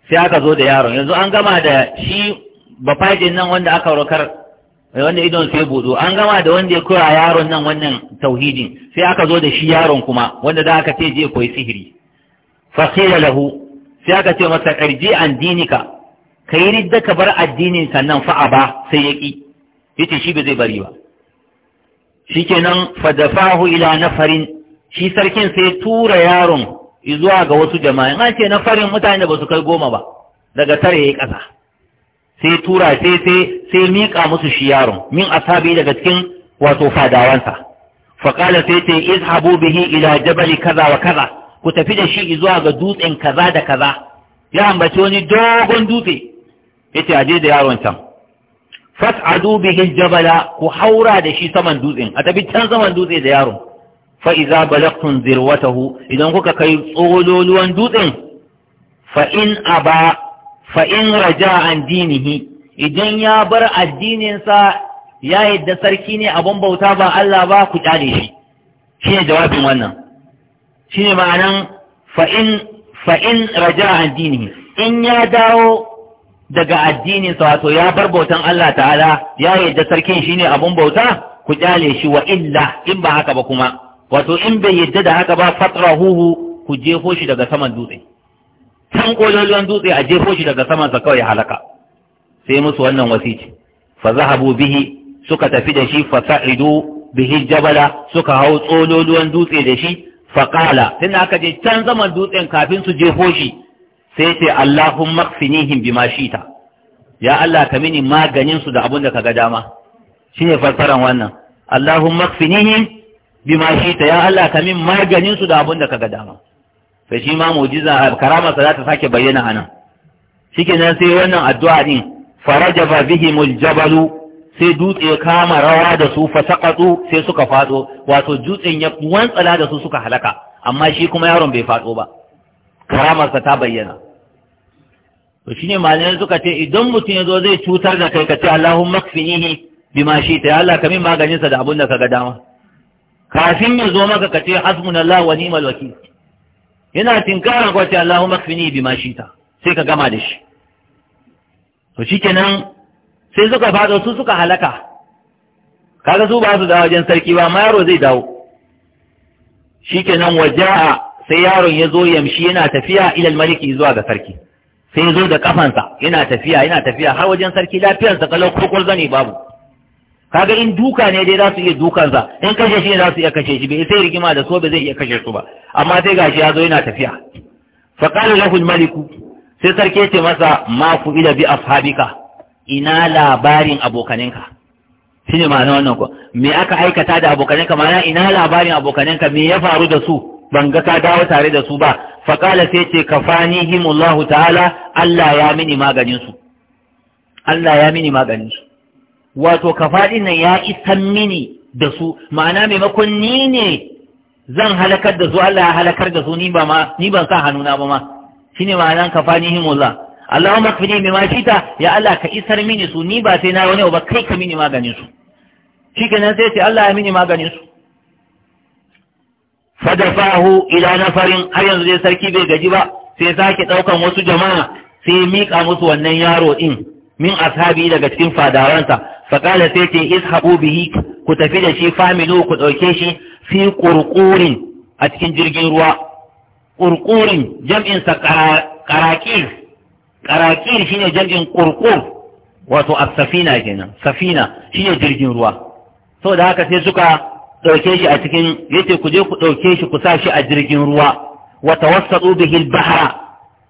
sai aka zo da yaron yanzu an gama da shi bafajin nan wanda aka rokar wanda idon sai buɗo an gama da wanda ya koya yaron nan wannan tauhidin sai aka zo da shi yaron kuma wanda za aka ce je koyi sihiri fa qila lahu sai aka ce masa karji an dinika kai ridda ka bar addinin ka nan fa ba sai ya ki yace shi ba zai bari ba shikenan fa dafahu ila nafarin shi sarkin sai tura yaron zuwa ga wasu jama'a an ce farin mutane da ba su kai goma ba daga tare ya yi kasa sai tura sai sai sai miƙa musu shi yaron min ashabi daga cikin wato fadawansa faqala sai ce izhabu bihi ila jabal kaza wa kaza ku tafi da shi zuwa ga dutsen kaza da kaza ya ambaci wani dogon dutse yace aje da yaron can fas'adu bihi jabala ku haura da shi saman dutsen a tafi can saman dutse da yaron fa iza balagtum zirwatahu idan kuka kai tsololuwan dutsen fa in aba fa in raja an dinihi idan ya bar addininsa ya yadda sarki ne abun bauta ba Allah ba ku kyale shi shi ne jawabin wannan shi ne ma'anan fa'in raja an dinihi in ya dawo daga addininsa wato ya bar bautan Allah ta'ala ya yadda sarkin shi ne abun bauta ku kyale shi wa illa in ba haka ba kuma wato in bai yadda da haka ba fatrahuhu ku jefo shi daga saman dutse can kololon dutse a jefo shi daga samansa kawai halaka sai musu wannan wasici fa zahabu bihi suka tafi da shi fa sa'idu bihi jabala suka hau tsololuwan dutse da shi fa qala tun aka je can zaman dutsen kafin su jefo shi sai ce Allahumma kfinihim bima shita ya Allah ka mini maganin su da abun da kaga dama shine fassaran wannan Allahumma kfinihim bima shita ya Allah ka min maganin su da abun da kaga dama sai shi ma mu'jiza karamarsa za ta sake bayyana a nan nan sai wannan addu'a din farajaba Bihi, Muljabalu sai dutse ya kama rawa da su saqatu sai suka fado wato dutsen ya wantsala da su suka halaka amma shi kuma yaron bai fado ba karamarsa ta bayyana to shine malamai suka ce idan mutum ya zo zai cutar da kai ka ce Allahumma kfinihi bima shi ta Allah ka min maganin sa da abun da ka ga dama kafin ya zo maka ka ce hasbunallahu wa ni'mal wakil yana tinkarar kwace Allahumma makfini bi ma shita sai ka gama da shi to shikenan sai suka fado su suka halaka kaga su ba su da wajen sarki ba ma yaro zai dawo shikenan waja'a sai yaron ya zo yamshi yana tafiya ilal maliki zuwa ga sarki sai ya zo da kafansa yana tafiya yana tafiya har wajen sarki lafiyarsa kalau kokol zane babu kaga in duka ne dai za su iya dukansa in kashe shi ne za su iya kashe shi bai sai rigima da so ba zai iya kashe su ba amma sai gashi ya zo yana tafiya fa qala lahu maliku sai sarki ya ce masa ma ku ila bi ashabika ina labarin abokaninka shine ma'ana wannan ko me aka aikata da abokaninka ma'ana ina labarin abokaninka me ya faru da su ban ga ka dawo tare da su ba fa qala sai ce kafanihimullahu ta'ala Allah ya mini maganin su Allah ya mini maganin su wato faɗi nan ya isan mini da su ma'ana maimakon ni ne zan halakar da su Allah ya halakar da su ni ba ma ni ban sa hannuna ba ma shine ma'anan kafanihim ka Allahumma kfini bima shita ya Allah ka isar mini su ni ba sai na wani ba kai ka mini maganin su shikenan sai ce Allah ya mini maganin su fadafahu ila nafarin har yanzu dai sarki bai gaji ba sai sake daukan wasu jama'a sai mika musu wannan yaro din min ashabi daga cikin fadawansa faƙala sai ce izhabu bihi ku tafi da shi faminu ku ɗauke shi fi ƙurƙurin a cikin jirgin ruwa ƙurƙurin jam'insa ƙaraƙir ƙaraƙir ne jam'in ƙurƙur wato a safina kenan safina shine jirgin ruwa Sau da haka sai suka ɗauke shi a cikin yace ku je ku ɗauke shi ku sa shi a jirgin ruwa Wata tawassatu bihi al-bahra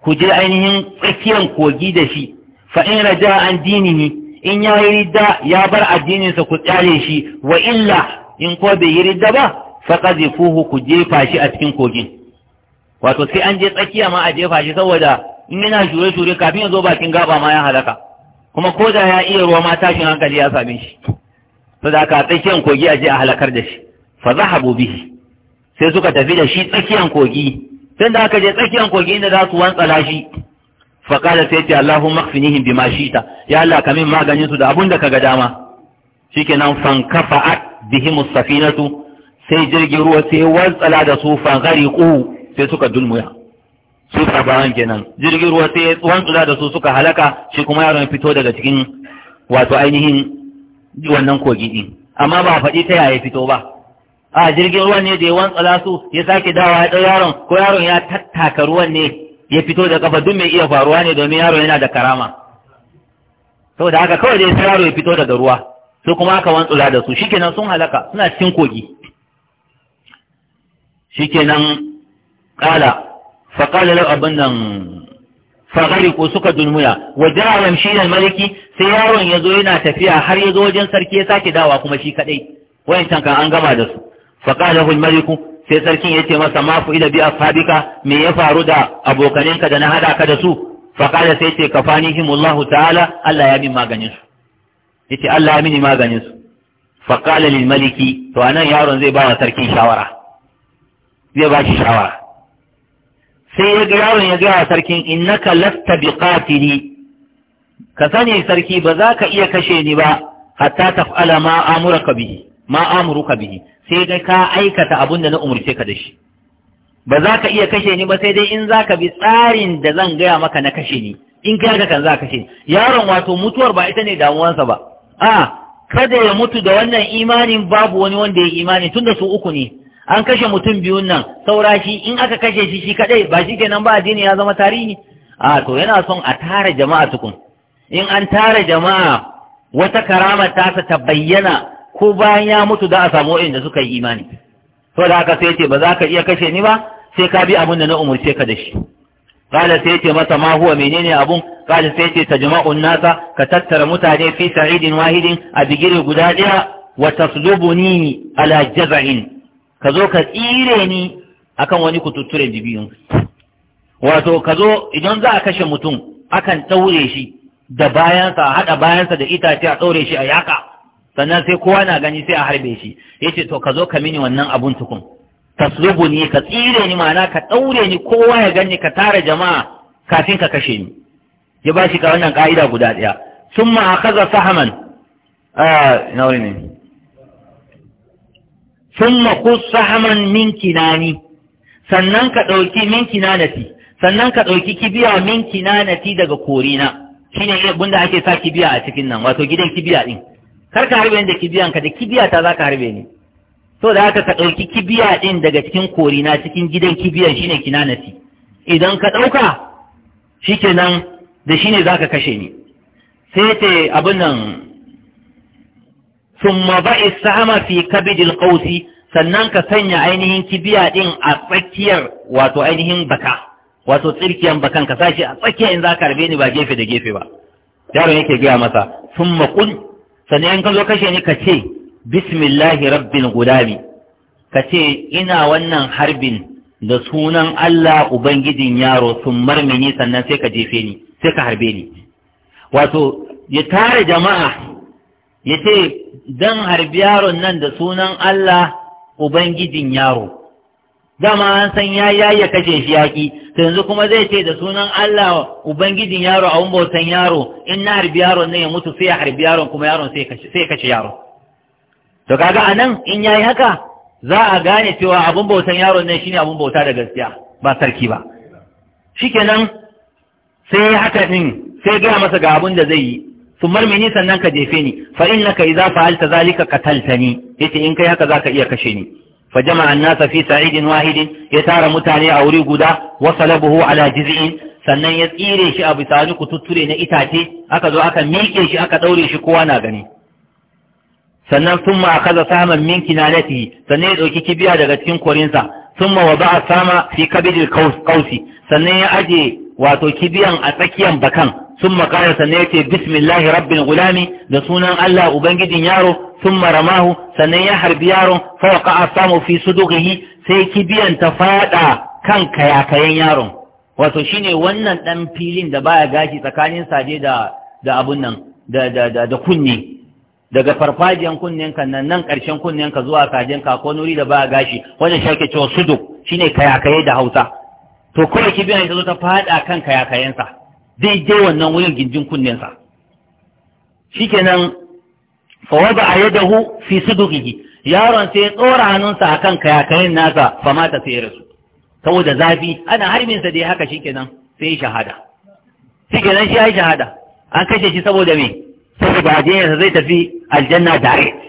ku je ainihin tsakiyar kogi da shi fa in raja an dini dinihi in ya yi ridda ya bar addininsa ku tsare shi wa illa in ko bai yi ridda ba faƙazi fuhu ku jefa shi a cikin kogin wato sai an je tsakiya ma a jefa shi saboda in yana shure-shure kafin ya zo bakin gaba ma ya halaka kuma ko da ya iya ruwa ma tashin hankali ya same shi to da ka tsakiyan kogi a je a halakar da shi fa zahabu bihi sai suka tafi da shi tsakiyan kogi Tunda aka je tsakiyan kogi inda za su wantsala shi faƙala sai ce Allahu makfinihim bi mashita ya Allah ka min maganin su da abun da kaga dama nan shikenan bihi Mustafi na su, sai jirgin ruwa sai wantsala da su ƙuhu sai suka dulmuya su sabawan kenan jirgin ruwa sai wantsala da su suka halaka shi kuma yaron fito daga cikin wato ainihin wannan kogi ɗin. amma ba faɗi ta yaya fito ba a jirgin ruwan ne da ya wantsala su ya sake dawa ya ɗau yaron ko yaron ya tattaka ruwan ne ya fito da kafa duk mai iya faruwa ne domin yaro yana da karama saboda haka kawai dai yaro ya fito daga ruwa sai kuma aka wantsula da su shikenan sun halaka suna cikin kogi shikenan kala fa qala lahu abannan ko suka dulmuya wa jara yamshi maliki sai yaron ya zo yana tafiya har ya zo wajen sarki ya sake dawa kuma shi kaɗai, wayan kan an gama da su fa qala lahu maliku sai sarkin ya ce masa ma fi ida bi ashabika me ya faru da abokaninka da na hada ka da su faƙada sai ce ka kafanihim Allah ta'ala Allah ya min maganin su yace Allah ya mini maganin su faƙala lil maliki to anan yaron zai ba wa sarkin shawara zai ba shi shawara sai ya yaron ya ga sarkin innaka lasta biqatili ka sani sarki ba za ka iya kashe ni ba hatta taf'ala ma amuruka bihi ma amuruka bihi sai dai ka aikata abin da na umurce ka da shi ba za ka iya kashe ni ba sai dai in za ka bi tsarin da zan gaya maka na kashe ni in ka yarda kan za ka kashe ni yaron wato mutuwar ba ita ne damuwansa ba a kada ya mutu da wannan imanin babu wani wanda ya imani tunda su uku ne an kashe mutum biyun nan saura shi in aka kashe shi shi kaɗai. ba shi kenan ba addini ya zama tarihi a to yana son a tara jama'a tukun in an tara jama'a wata karamar ta ta bayyana ko bayan ya mutu da a samu waɗanda suka yi imani to da haka sai ce ba za ka iya kashe ni ba sai ka bi abin da na umurce ka da shi Kada sai ce masa ma huwa menene abun qala sai ce tajma'un nasa ka tattara mutane fi sa'idin wahidin a bigire guda daya wa taslubuni ala jaz'in ka zo ka tsire ni akan wani kututturen jibiyun wato ka zo idan za a kashe mutum akan taure shi da bayansa a haɗa bayansa da itace a ɗaure shi a yaka sannan sai kowa na gani sai a harbe shi Ya ce to ka zo ka mini wannan abun tukun Ka taslubu ni ka tsire ni ma'ana ka ɗaure ni kowa ya gani ka tara jama'a kafin ka kashe ni ya ba shi ka wannan ka'ida guda ɗaya. daya summa akaza sahaman ah, na wuri ne summa khus sahaman min kinani sannan ka ɗauki min kinanati sannan ka ɗauki kibiya min kinanati daga korina shine abin da ake sa kibiya a cikin nan wato gidan kibiya ɗin. kar ka harbe ni da kibiyanka da kibiya ta za ka harbe ni so da haka ka ɗauki kibiya ɗin daga cikin korina cikin gidan kibiyan shine kinanasi. idan ka ɗauka nan da shine za ka kashe ni sai ce abin nan summa ba'i ma fi kabidil kausi, sannan ka sanya ainihin kibiya ɗin a tsakiyar wato ainihin baka wato tsirkiyan bakan ka sashi a tsakiyar in za ka harbe ni ba gefe da gefe ba yaron yake gaya masa summa sannan in ka zo kashe ni ka ce bismillahi rabbin gudami ka ce ina wannan harbin da sunan Allah ubangijin yaro sun marmini sannan sai ka jefe ni sai ka harbe ni wato ya tare jama'a ya ce don harbi yaron nan da sunan Allah ubangijin yaro dama an san ya ya kashe shi yaƙi to yanzu kuma zai ce da sunan Allah ubangijin yaro a bautan yaro in na harbi yaron ne ya mutu sai ya harbi yaron kuma yaron sai ya kashe yaron to kaga anan in yayi haka za a gane cewa abun bautan yaron ne shine abun bauta da gaskiya ba sarki ba shikenan sai haka din sai ga masa ga abun da zai yi su marmini sannan ka jefe ni fa innaka idza fa'alta zalika qataltani yace in kai haka zaka iya kashe ni fa jama'a an sa'idin wahidin ya tara mutane a wuri guda wa salabuhu ala jiz'in sannan ya tsire shi a bisa kututture na itace aka zo aka miƙe shi aka ɗaure shi kowa na gani sannan sun ma kaza saman min kinanati sannan ya ɗauki kibiya daga cikin korinsa sun ma ba a sama fi kabidil kausi sannan ya aje wato kibiyan a tsakiyan bakan ثم قال سنيتي بسم الله رب الغلام ده سنان الله وبنجدين يارو ثم رماه سنيا حرب يارو فوقع الصام في صدقه سيكبيا تفادا كان كيا كيا يارو وتشيني ونن wannan dan filin تكالين baya gashi tsakanin saje da da abun nan da da da, da kunne daga farfajiyan kunnen kan nan nan karshen kunnen ka zuwa sajen ka ko nuri da ba gashi wannan shake cewa sudu shine kayakaye da Hausa to kuma kibiyan ta zo ta fada kan kayakayensa daidai wannan wurin gindin kunnensa shikenan fa wada hu fi sidqihi yaron sai ya tsora hannunsa akan kayakarin nasa fa mata sai ya rasu saboda zafi ana harbinsa dai haka shikenan sai shahada shikenan shi ya shahada an kashe shi saboda me saboda ajiyarsa zai tafi aljanna direct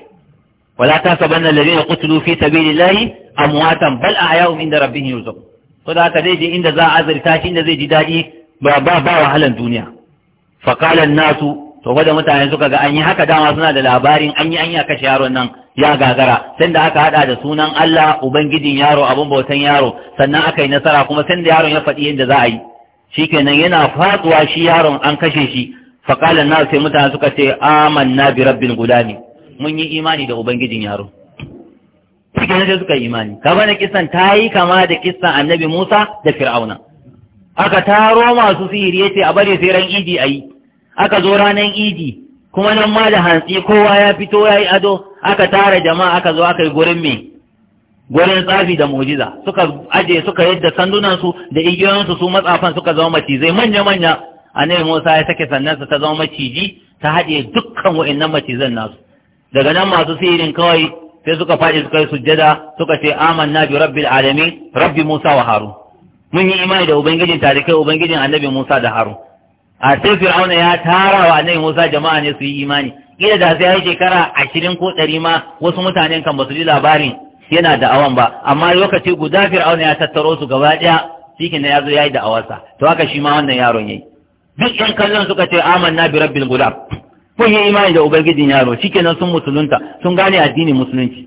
ولا تحسبن الذين قتلوا في سبيل الله امواتا بل احياء عند ربهم يرزقون saboda haka zai je inda za a azurta shi inda zai ji daɗi ba ba ba wahalan duniya faƙalan nasu to gwada mutane suka ga an yi haka dama suna da labarin an yi an ya kashe yaron nan ya gagara sanda aka hada da sunan Allah ubangijin yaro abin bautan yaro sannan aka yi nasara kuma sanda yaron ya faɗi yadda za a yi shikenan yana fatsuwa shi yaron an kashe shi faƙalan nasu sai mutane suka ce amanna bi rabbil gulami mun yi imani da ubangijin yaro cikin sai suka yi imani kaba na kisan ta yi kama da kisan annabi Musa da Fir'auna aka taro masu sihiri yace a bari sai ran idi ayi aka zo ranan idi kuma nan ma da hantsi kowa ya fito yayi ado aka tara jama'a aka zo aka yi gurin me gurin tsafi da mu'jiza suka aje suka yadda sandunan su da igiyoyin su su matsafan suka zama macizai manya manya annabi Musa ya sake sannan su ta zama maciji ta haɗe dukkan wa'annan macizan nasu daga nan masu sihirin kawai sai suka faɗi suka yi sujjada suka ce amanna bi rabbil alamin rabbi Musa wa Harun mun yi imani da ubangijin kai ubangijin annabi Musa da Harun a sai Fir'auna ya tara wa annabi Musa jama'a ne su yi imani kila da sai ya shekara ashirin ko ɗari ma wasu mutanen kan basu ji labarin yana da awan ba amma lokaci guda Fir'auna ya tattaro su gaba daya cikin ya zo ya yi da'awarsa to haka shi ma wannan yaron yayi duk ɗan kallon suka ce amanna bi rabbil gulab kun yi imani da ubangijin yaro shikenan sun musulunta sun gane addinin musulunci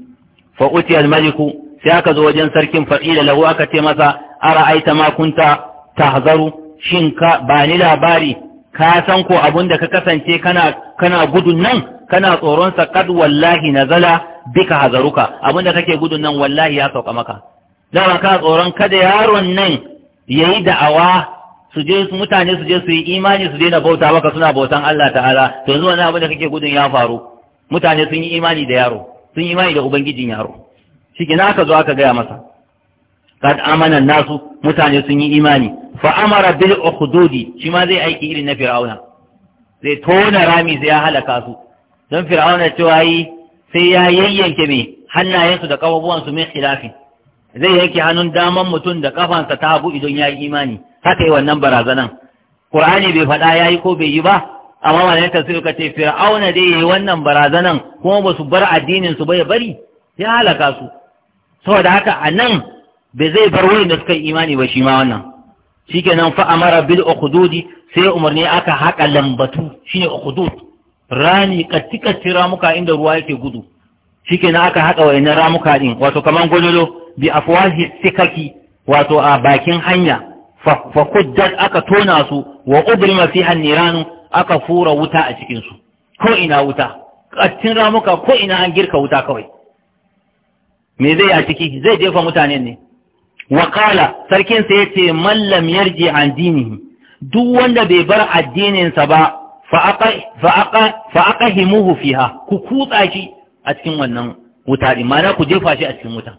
fa al-maliku sai aka zo wajen sarkin fa’ila da lahu aka ce masa ara aita ma ta tahzaru shin ka ba ni labari ka san ko abun da ka kasance kana kana gudun nan kana tsoron sa kad wallahi nazala bika hazaruka abun da kake gudun nan wallahi ya sauka maka dama ka tsoron kada yaron nan yayi da'awa su je mutane su je su yi imani su daina bauta maka suna bautan Allah ta'ala to yanzu wannan abin da kake gudun ya faru mutane sun yi imani da yaro sun yi imani da ubangijin yaro shike na aka zo aka gaya masa kad amana nasu mutane sun yi imani fa amara bil ukhududi shi ma zai aiki irin na fir'auna zai tona rami zai halaka su don fir'auna cewa yi sai ya yayyanke me hannayensu da kafafuwansu min khilafi zai yanke hannun daman mutum da kafansa ta hagu idan ya yi imani haka yi wannan barazanan qur'ani bai faɗa ya yi ko bai yi ba amma wannan ta sai ka ce fir'auna dai yayi wannan barazanan kuma ba su bar addinin su ba ya bari ya halaka su saboda haka a nan bai zai bar wurin da suka yi imani ba shi ma wannan shikenan fa amara bil ukhdudi sai umarni aka haƙa lambatu shine ukhdud rani katikati ramuka inda ruwa yake gudu shikenan aka haƙa wayannan ramuka din wato kamar gololo bi afwahi sikaki wato a bakin hanya fa kuddat aka tona su wa ubrima fiha niran aka fura wuta a cikinsu, ko ina wuta a ramuka ko ina an girka wuta kawai me zai a ciki zai jefa mutane ne wakala sarkin sa yace mallam yarji an dinihi duk wanda bai bar addininsa ba fa himuhu fiha ku kutsa shi a cikin wannan wuta din ma'ana ku jefa shi a cikin wuta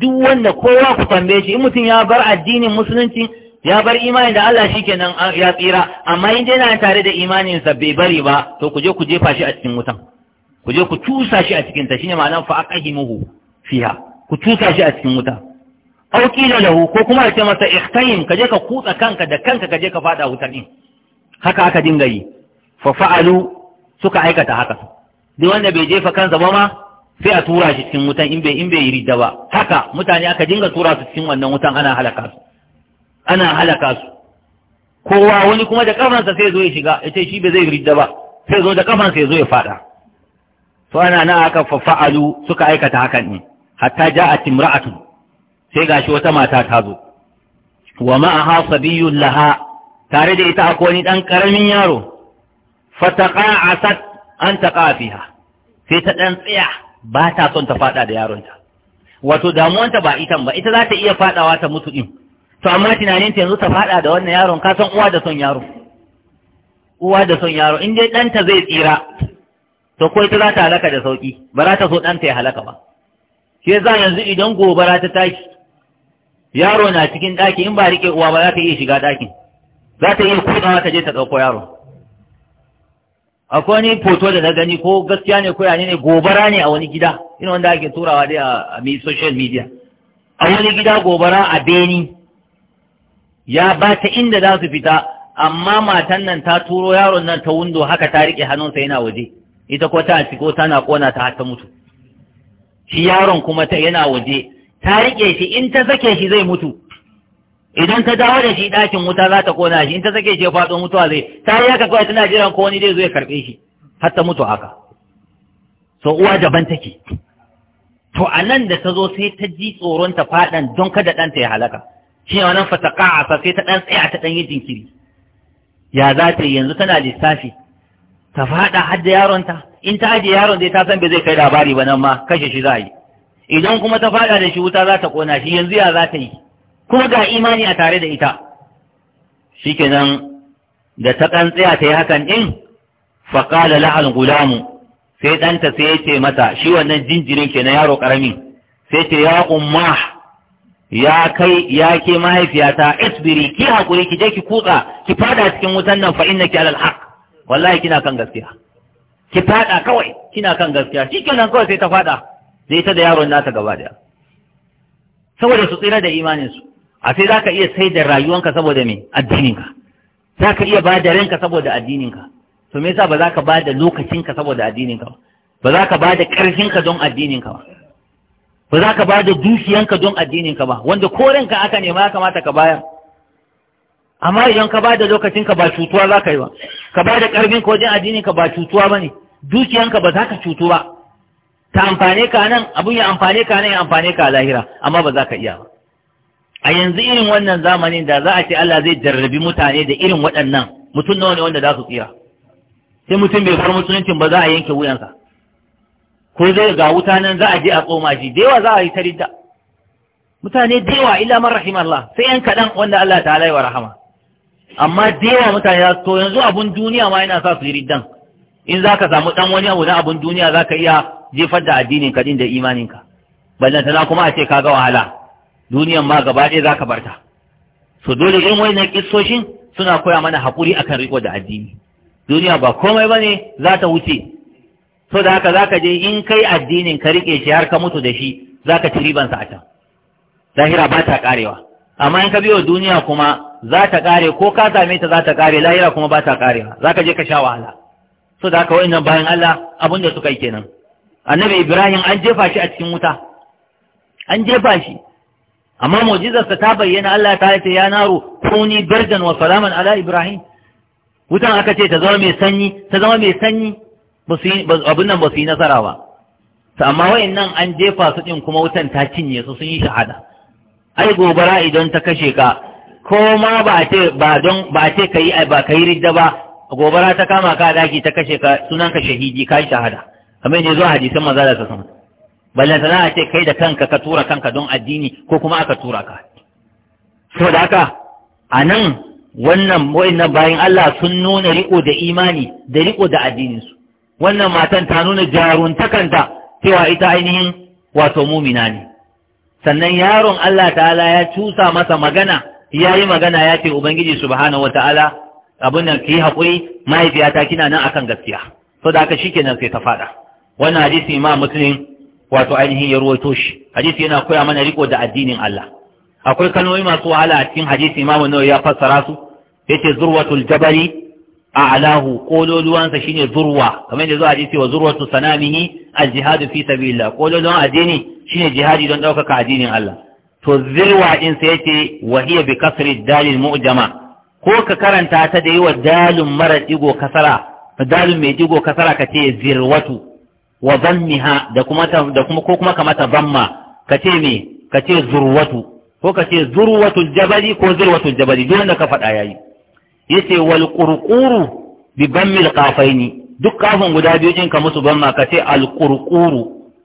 duk wanda kowa ku tambaye shi in mutum ya bar addinin musulunci ya bar imani da Allah shi kenan ya tsira amma in yana tare da imaninsa bai bari ba to ku je ku jefa shi a cikin wutan ku je ku tusa shi a cikin ta shine ma'ana fa himuhu fiha ku tusa shi a cikin wuta aw kila lahu ko kuma ya ce masa ihtayim ka je ka kutsa kanka da kanka ka je ka fada wutar din haka aka dinga yi fa fa'alu suka aikata haka duk wanda bai jefa kansa ba ma sai a tura shi cikin wutan in bai in bai rida ba haka mutane aka dinga tura su cikin wannan wutan ana halaka su ana halaka su kowa wani kuma da kafansa sai zo ya shiga ya ce shi bai zai ridda ba sai zo da kafansa ya zo ya fada to ana na aka fa'alu suka aikata hakan ne hatta ja'at imra'atu sai gashi wata mata ta zo wa ma'aha sabiyyun laha tare da ita akwai wani dan karamin yaro fataqa'asat an taqa fiha sai ta dan tsaya ba ta son ta fada da yaronta wato damuwanta ba ita ba ita za ta iya fadawa ta mutu din to amma tunaninta yanzu ta fada da wannan yaron ka san uwa da son yaro uwa da son yaro in dai ɗanta zai tsira to ko ita za ta halaka da sauki ba za ta so ɗanta ya halaka ba shi za yanzu idan gobara ta tashi yaro na cikin ɗaki in ba rike uwa ba za ta iya shiga ɗakin za ta iya kuɗawa ta je ta ɗauko yaro akwai wani foto da na gani ko gaskiya ne ko yane ne gobara ne a wani gida ina wanda ake turawa dai a mi social media a wani gida gobara a beni ya ba ta inda za su fita amma matan nan ta turo yaron nan ta wundo haka ta riƙe hannunsa yana waje ita ko ta ko tana kona ta har ta mutu shi yaron kuma ta yana waje ta rike shi in ta sake shi zai mutu idan ta dawo da shi ɗakin wuta za ta kona shi in ta sake shi ya faɗo mutuwa zai ta yi haka kawai tana jiran ko wani zai zo ya karɓe shi har ta mutu haka so uwa daban take to a nan da ta zo sai ta ji tsoron ta faɗan don kada ɗanta ya halaka shi wannan fataka a sai ta ɗan tsaya ta ɗan yi jinkiri ya za ta yanzu tana lissafi ta faɗa hadda yaronta in ta ajiye yaron zai ta san bai zai kai labari ba nan ma kashe shi za yi idan kuma ta faɗa da shi wuta za ta ƙona shi yanzu ya za ta yi kuma ga imani a tare da ita shikenan da ta kan tsaya ta yi hakan ɗin faƙala la'al gulamu sai ɗanta sai ya ce mata shi wannan jinjirin ke na yaro ƙaramin sai ce ya umma ya kai ya ke mahaifiyata isbiri ki haƙuri ki je ki kutsa ki fada cikin wutan nan fa innaki alal haq wallahi kina kan gaskiya ki fada kawai kina kan gaskiya shikenan kawai sai ta fada zai ta da yaron nata gaba daya saboda su tsira da imanin su a sai zaka iya sai da rayuwanka saboda me addininka zaka iya ba da ranka saboda ka to me yasa ba za ka ba da lokacin ka saboda addininka ba ba za ka ba da ƙarfinka don addininka ba ba za ka ba da dukiyanka don addininka ba wanda ka aka nema ya kamata ka bayar amma idan ka da lokacin ka ba cutuwa za ka yi ba ka ba da karfin ka wajen addini ka ba cutuwa ba ne dukiyanka ba za ka cutu ba ta amfane ka nan abun ya amfane ka nan ya amfane ka a lahira amma ba za ka iya ba a yanzu irin wannan zamanin da za a ce Allah zai jarrabi mutane da irin waɗannan mutum nawa ne wanda za su tsira sai mutum bai far musuluncin ba za a yanke wuyansa ko zai ga wuta nan za a je a tsoma shi da yawa za a yi ta ridda mutane da yawa illa man Allah sai yan kaɗan wanda Allah ta wa rahama amma da yawa mutane za su to yanzu abun duniya ma yana sa su yi riddan in za ka samu ɗan wani abu na abun duniya za ka iya jefar da addinin ka din da imanin ka tana kuma a ce ka ga wahala duniyan ma gaba ɗaya za ka barta so dole irin na kissoshin suna koya mana haƙuri akan riko da addini duniya ba komai ba ne za ta wuce so da haka za ka je in kai addinin ka riƙe shi har ka mutu da shi za ka ci ribansa a can zahira ba ta karewa amma in ka biyo duniya kuma za ta kare ko ka same ta za ta kare lahira kuma ba ta karewa za ka je ka sha wahala so da haka wa'annan bayan Allah abin da suka yi kenan annabi Ibrahim an jefa shi a cikin wuta an jefa shi amma mu'jizarsa ta bayyana Allah ta ce ya naro kuni birjan wa salaman ala Ibrahim wutan aka ce ta zama mai sanyi ta zama mai sanyi abin nan ba su yi nasara ba Ta amma nan an jefa su ɗin kuma wutan ta cinye su sun yi shahada ai gobara idan ta kashe ka ko ma ba ce ba don ba ce kai ba kai ridda ba gobara ta kama ka daki ta kashe ka sunan ka shahidi ka shahada kamar ne zuwa hadisan manzo da sallallahu alaihi wasallam a ce kai da kanka ka tura kanka don addini ko kuma aka tura ka da haka anan wannan wayannan bayin Allah sun nuna riko da imani da riko da addinin su wannan matan ta nuna jaruntakanta cewa ita ainihin wato mumina ne sannan yaron Allah ta'ala ya cusa masa magana ya yi magana ya ce ubangiji subhanahu wataala abin nan ki haƙuri mahaifiyata kina nan akan gaskiya to da haka shikenan sai ta faɗa. wannan hadisi ma musulun wato ainihin ya ruwaito shi hadisi yana koya mana riko da addinin Allah akwai kalmomi masu wahala a cikin hadisi ma nawawi ya fassara su yace zurwatul a a'lahu kololuwansa shine zurwa kamar yadda zuwa hadisi wa zurwatu sanamihi al fi sabilillah kololuwan addini shine jihadi don ɗaukaka addinin Allah to zilwa din sai yake wa hiya bi kasri dalil mu'jama ko ka karanta ta da yawa dalun mara digo kasara dalun mai digo kasara ka ce zirwatu wa zammiha da kuma da kuma ko kuma kamata zamma ka ce me ka ce zurwatu ko ka ce zurwatu jabali ko zirwatu jabali duk wanda ka faɗa yayi yace wal qurquru bi bammil qafaini duk kafin guda biyu din ka musu bamma ka ce al qurquru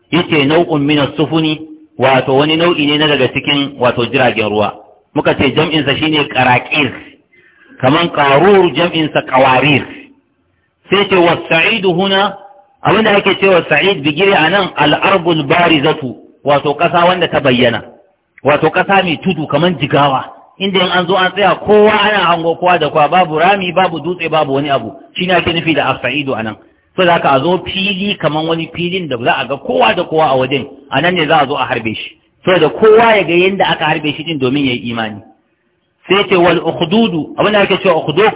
yace nau'un min as-sufuni wato wani nau'i ne na daga cikin wato jiragen ruwa muka ce jam'insa shine qaraqir kaman qarur jam'insa qawarir sai ce wasa'id huna abinda ake cewa sa'id bigire anan al ardul barizatu wato kasa wanda ta bayyana wato kasa mai tudu kaman jigawa inda in an zo an tsaya kowa ana hango kowa da kowa babu rami babu dutse babu wani abu shine ake nufi da as-sa'idu anan so ka a zo fili kaman wani filin da za a ga kowa da kowa a wajen a nan ne za a zo a harbe shi so da kowa ya ga yadda aka harbe shi din domin ya yi imani sai ce wal ukhdudu abin da ake cewa ukhdud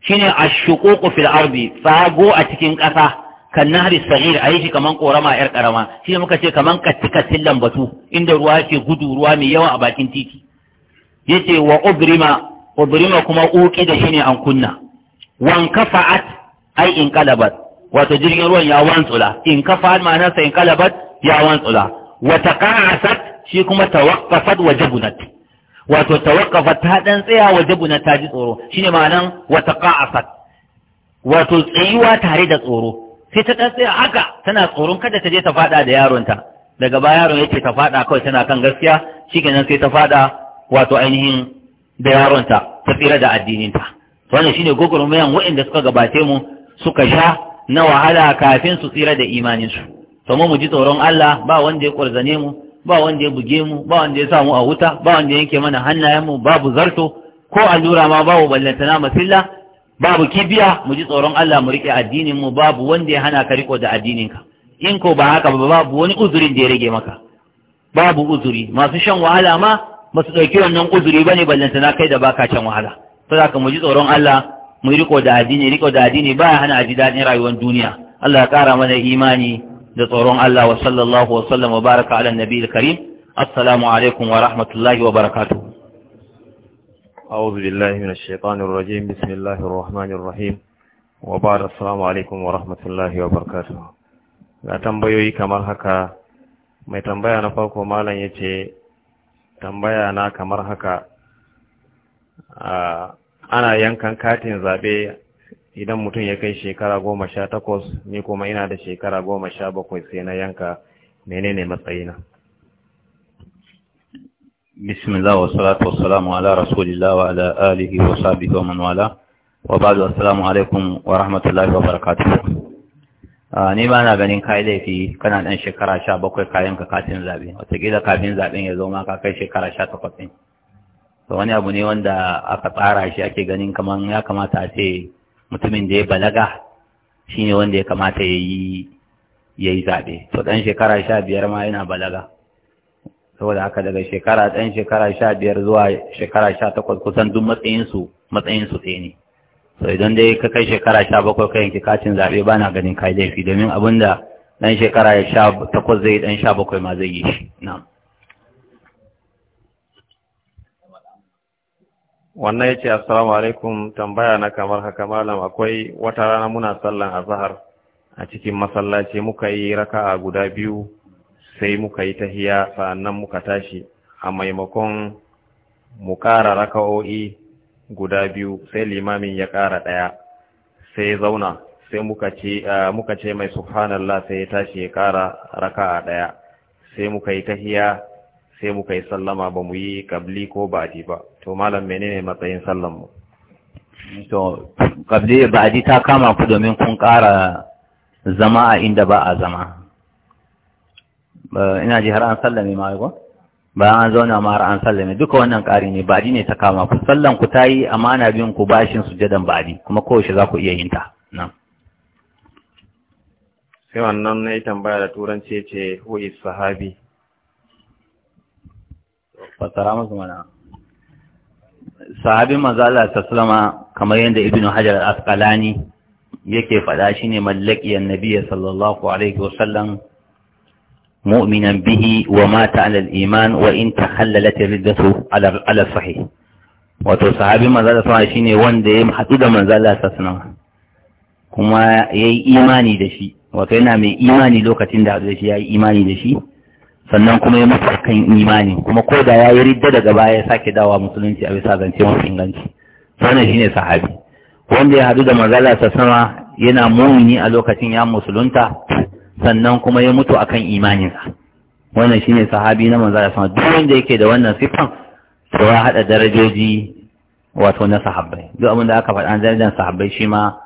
shine ashuququ fil ardi tsago a cikin ƙasa kan nahri sagir ayi shi kamar korama yar karama ne muka ce kaman kattikatin lambatu inda ruwa yake gudu ruwa mai yawa a bakin titi yace wa ubrima ubrima kuma uqida shine an kunna wan kafa'at ay inqalabat wato jirgin ruwan ya wantsula in kafa ma'anarsa in kalabat ya wantsula wa taqa'asat shi kuma tawaqqafat wa jabunat wato tawaqqafat ta dan tsaya wa jabunat ta ji tsoro shine ma'anan wa taqa'asat wato tsayuwa tare da tsoro sai ta dan tsaya haka tana tsoron kada ta je ta fada da yaronta daga baya yaron ce ta fada kawai tana kan gaskiya shikenan sai ta fada wato ainihin da yaronta ta tsira da addininta wannan shine gogoromayan waɗanda suka gabace mu suka sha na wahala kafin su tsira da imaninsu to mu ji tsoron Allah ba wanda ya kwarzane mu ba wanda ya buge mu ba wanda ya mu a wuta ba wanda ya yanke mana hannayenmu babu zarto ko allura ma babu ballantana masilla babu kibiya mu ji tsoron Allah mu riƙe addinin mu babu wanda ya hana ka riƙo da addininka in ko ba haka ba babu wani uzurin da ya rage maka babu uzuri masu shan wahala ma ba su ɗauki wannan uzuri ba ne ballantana kai da baka can wahala to za ka mu ji tsoron Allah mu riko da addini riko da addini ba hana ji daɗin rayuwar duniya Allah ya ƙara mana imani da tsoron Allah wa sallallahu wa sallam wa baraka ala nabi karim assalamu alaikum wa rahmatullahi wa barakatuh أعوذ بالله من الشيطان الرجيم بسم الله الرحمن الرحيم وبعد السلام wa ورحمة الله وبركاته na tambayoyi kamar haka mai tambaya na farko malam ya ce tambaya na kamar haka ah, ana yankan katin zaɓe idan mutum ya kai shekara goma sha takwas ni kuma ina da shekara goma sha bakwai sai na yanka menene matsayina bismillah wa salatu wassalamu ala rasulillah wa ala alihi wa sahbihi wa man wala wa ba'du assalamu alaikum wa rahmatullahi wa barakatuh ah, ni ba na ganin kai laifi kana dan shekara 17 kayan ka katin zabe wata wataƙila kafin zaben ya zo ma ka kai shekara 18 din wani abu ne wanda aka tsara shi ake ganin kaman ya kamata a ce mutumin da ya balaga shi ne wanda ya kamata ya yi ya yi zaɓe to ɗan shekara sha biyar ma yana balaga saboda haka daga shekara ɗan shekara sha biyar zuwa shekara sha takwas kusan duk matsayinsu matsayinsu ɗaya ne to idan dai ka kai shekara sha bakwai ka yanki katin zaɓe ba na ganin kai laifi domin abin da ɗan shekara sha takwas zai ɗan sha bakwai ma zai yi shi na'am wannan ya ce assalamu alaikum tambaya na kamar haka malam akwai wata rana muna sallan azahar a cikin masallaci muka yi raka'a guda biyu sai muka yi tahiya sa'annan muka tashi a maimakon mu kara raka'o'i guda biyu sai limamin ya kara ɗaya sai zauna sai muka ce mai subhanallah sai ya tashi ya kara raka'a ɗaya sai muka yi tahiya sai muka yi sallama ba mu yi kabli ko ba ba to malam menene matsayin sallan mu to kabli ba'di ta kama ku domin kun ƙara zama a inda ba a zama ina ji har an sallame ma ko ba an zauna ma har an sallame duka wannan ƙari ne ba'adi ne ta kama ku sallan ku tayi amana biyun ku bashin sujadan ba'adi kuma kowace za ku iya yin ta na'am sai wannan na yi tambaya da turanci ce who is sahabi fasara musu mana sahabin manzala ta salama kamar yadda ibn hajar al-asqalani yake faɗa shi ne mallakiyar nabiya sallallahu alaihi wasallam mu'minan bihi wa mata alal iman wa in ta hallalata riddatu ala sahih wato sahabin manzala ta shi ne wanda ya haɗu da manzala ta salama kuma ya yi imani da shi wato yana mai imani lokacin da haɗu da shi ya yi imani da shi sannan kuma ya mutu akan imani kuma ko da ya yi ridda daga baya ya sake dawa musulunci a bisa zance mafi inganci shi ne sahabi wanda ya hadu da manzala ta sama yana mumini a lokacin ya musulunta sannan kuma ya mutu akan imaninsa wannan shine sahabi na manzala sama duk wanda yake da wannan siffan to ya hada darajoji wato na sahabbai duk abin aka faɗa darajar sahabbai shi ma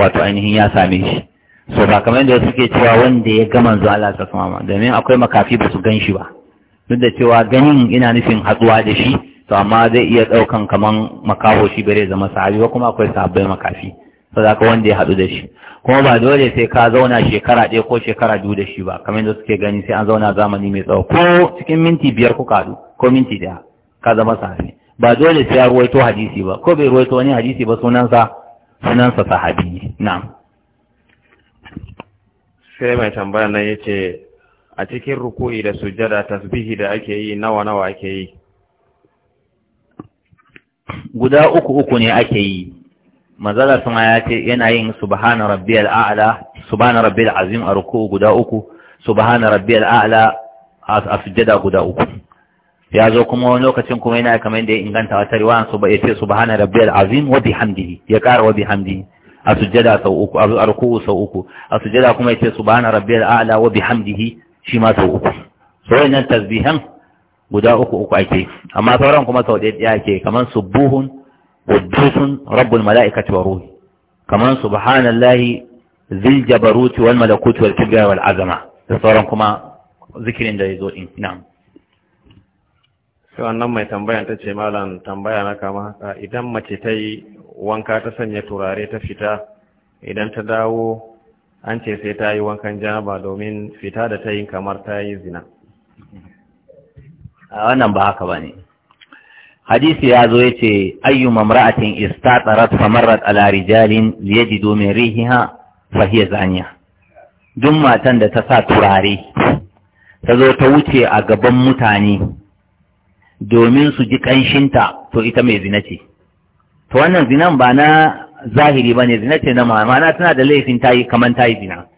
wato ainihin ya same shi so ba kamar yadda suke cewa wanda ya gama zuwa Allah ta domin akwai makafi ba su gan shi ba duk da cewa ganin ina nufin hatsuwa da shi to amma zai iya ɗaukan kaman makaho shi bare zama sahabi ba kuma akwai sahabbai makafi so da ka wanda ya haɗu da shi kuma ba dole sai ka zauna shekara ɗaya ko shekara biyu da shi ba kamar yadda suke gani sai an zauna zamani mai tsawo ko cikin minti biyar ko kaɗu, ko minti ɗaya ka zama sahabi ba dole sai ya ruwaito hadisi ba ko bai ruwaito wani hadisi ba sunansa sunansa sahabi na'am sai mai tambaya nan ya ce a cikin ruku'i da sujjada tasbihi da ake yi nawa nawa ake yi guda uku uku ne ake yi mazala sun ya ce yana yin subhana rabbiyal a'la subhana rabbiyal azim a ruku'u guda uku subhana rabbiyal a'la a sujjada guda uku ya zo kuma wani lokacin kuma yana kamar da ya inganta wata riwayan su ba ya ce subhana rabbiyal azim wa bihamdihi ya kara wa bihamdihi a sujjada sau uku a ruku'u sau uku a sujjada kuma yace subhana rabbiyal a'la wa bihamdihi shi ma sau uku sai nan tasbihan guda uku uku ake amma sauran kuma sau ɗaya ake kaman subuhun wadusun rabbul mala'ikati wa ruhi kamar subhanallahi zil jabaruti wal malakuti wal kibriya wal azama da sauran kuma zikirin da ya zo din na'am sai wannan mai tambayan ta ce malam tambaya na kama haka idan mace ta yi wanka ta sanya turare ta fita idan ta dawo an ce sai ta yi wankan janaba domin fita da ta yi kamar ta yi zina a wannan ba haka ba ne hadisi ya zo ya ce ayyu mamra'atin istatarat famarrat ala rijalin liyajidu min rihiha fahiya zaniya duk matan da ta sa turare ta zo ta wuce a gaban mutane domin su ji kanshinta to ita mai zina ce to wannan zinan ba na zahiri ba ne zina ce na ma'ana tana da laifin tayi kaman tayi zina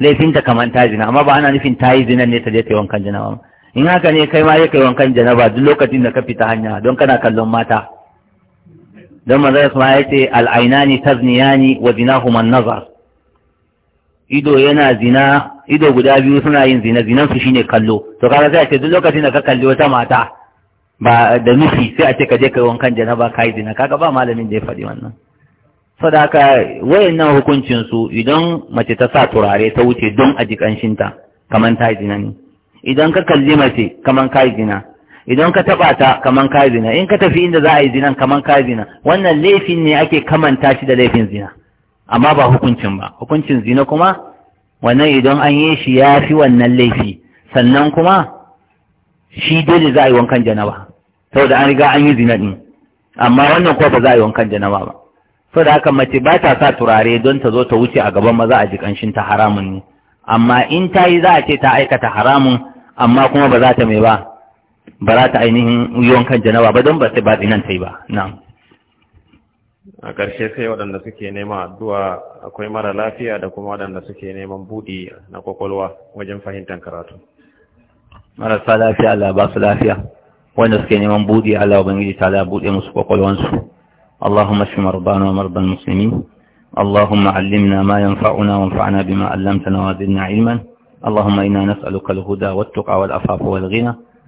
laifin ta kaman tayi zina amma ba ana nufin tayi zinan ne ta je ta wankan janaba in haka ne kai ma yake wankan wankan janaba duk lokacin da ka fita hanya don kana kallon mata don manzo Usman ya ce al'ainani tazniyani wa zinahuma an-nazar ido yana zina ido guda biyu suna yin zina zinan su shine kallo to kaga sai ce duk lokacin da ka kalli wata mata ba da nufi sai a ce ka je kai wankan janaba kai zina kaga ba malamin da ya faɗi wannan saboda haka wayannan hukuncin su idan mace ta sa turare ta wuce don a ji ta kaman ta zina ne idan ka kalli mace kaman ka zina idan ka taba ta kaman ka zina in ka tafi inda za a yi zinan kaman ka zina wannan laifin ne ake kamanta shi da laifin zina amma ba hukuncin ba hukuncin zina kuma wannan idan an yi shi ya fi wannan laifi sannan kuma shi dole za a yi wankan janaba saboda an riga an yi zina din amma wannan kofa ba za a yi wankan janaba ba saboda haka mace ba ta sa turare don ta zo ta wuce a gaban maza a ji kanshin ta haramun ne amma in ta yi za a ce ta aikata haramun amma kuma ba za ta mai ba ba za ta ainihin yi wankan janaba ba don ba sai ba zinan ta yi ba na. a ƙarshe sai waɗanda suke neman addu'a akwai mara lafiya da kuma waɗanda suke neman buɗi na kwakwalwa wajen fahimtar karatu marasa lafiya Allah ba su lafiya ونسكن من بودي على وبنجي على بودي مسكوك وانسو اللهم اشف مرضانا ومرضى المسلمين اللهم علمنا ما ينفعنا وانفعنا بما علمتنا وزدنا علما اللهم انا نسألك الهدى والتقى والعفاف والغنى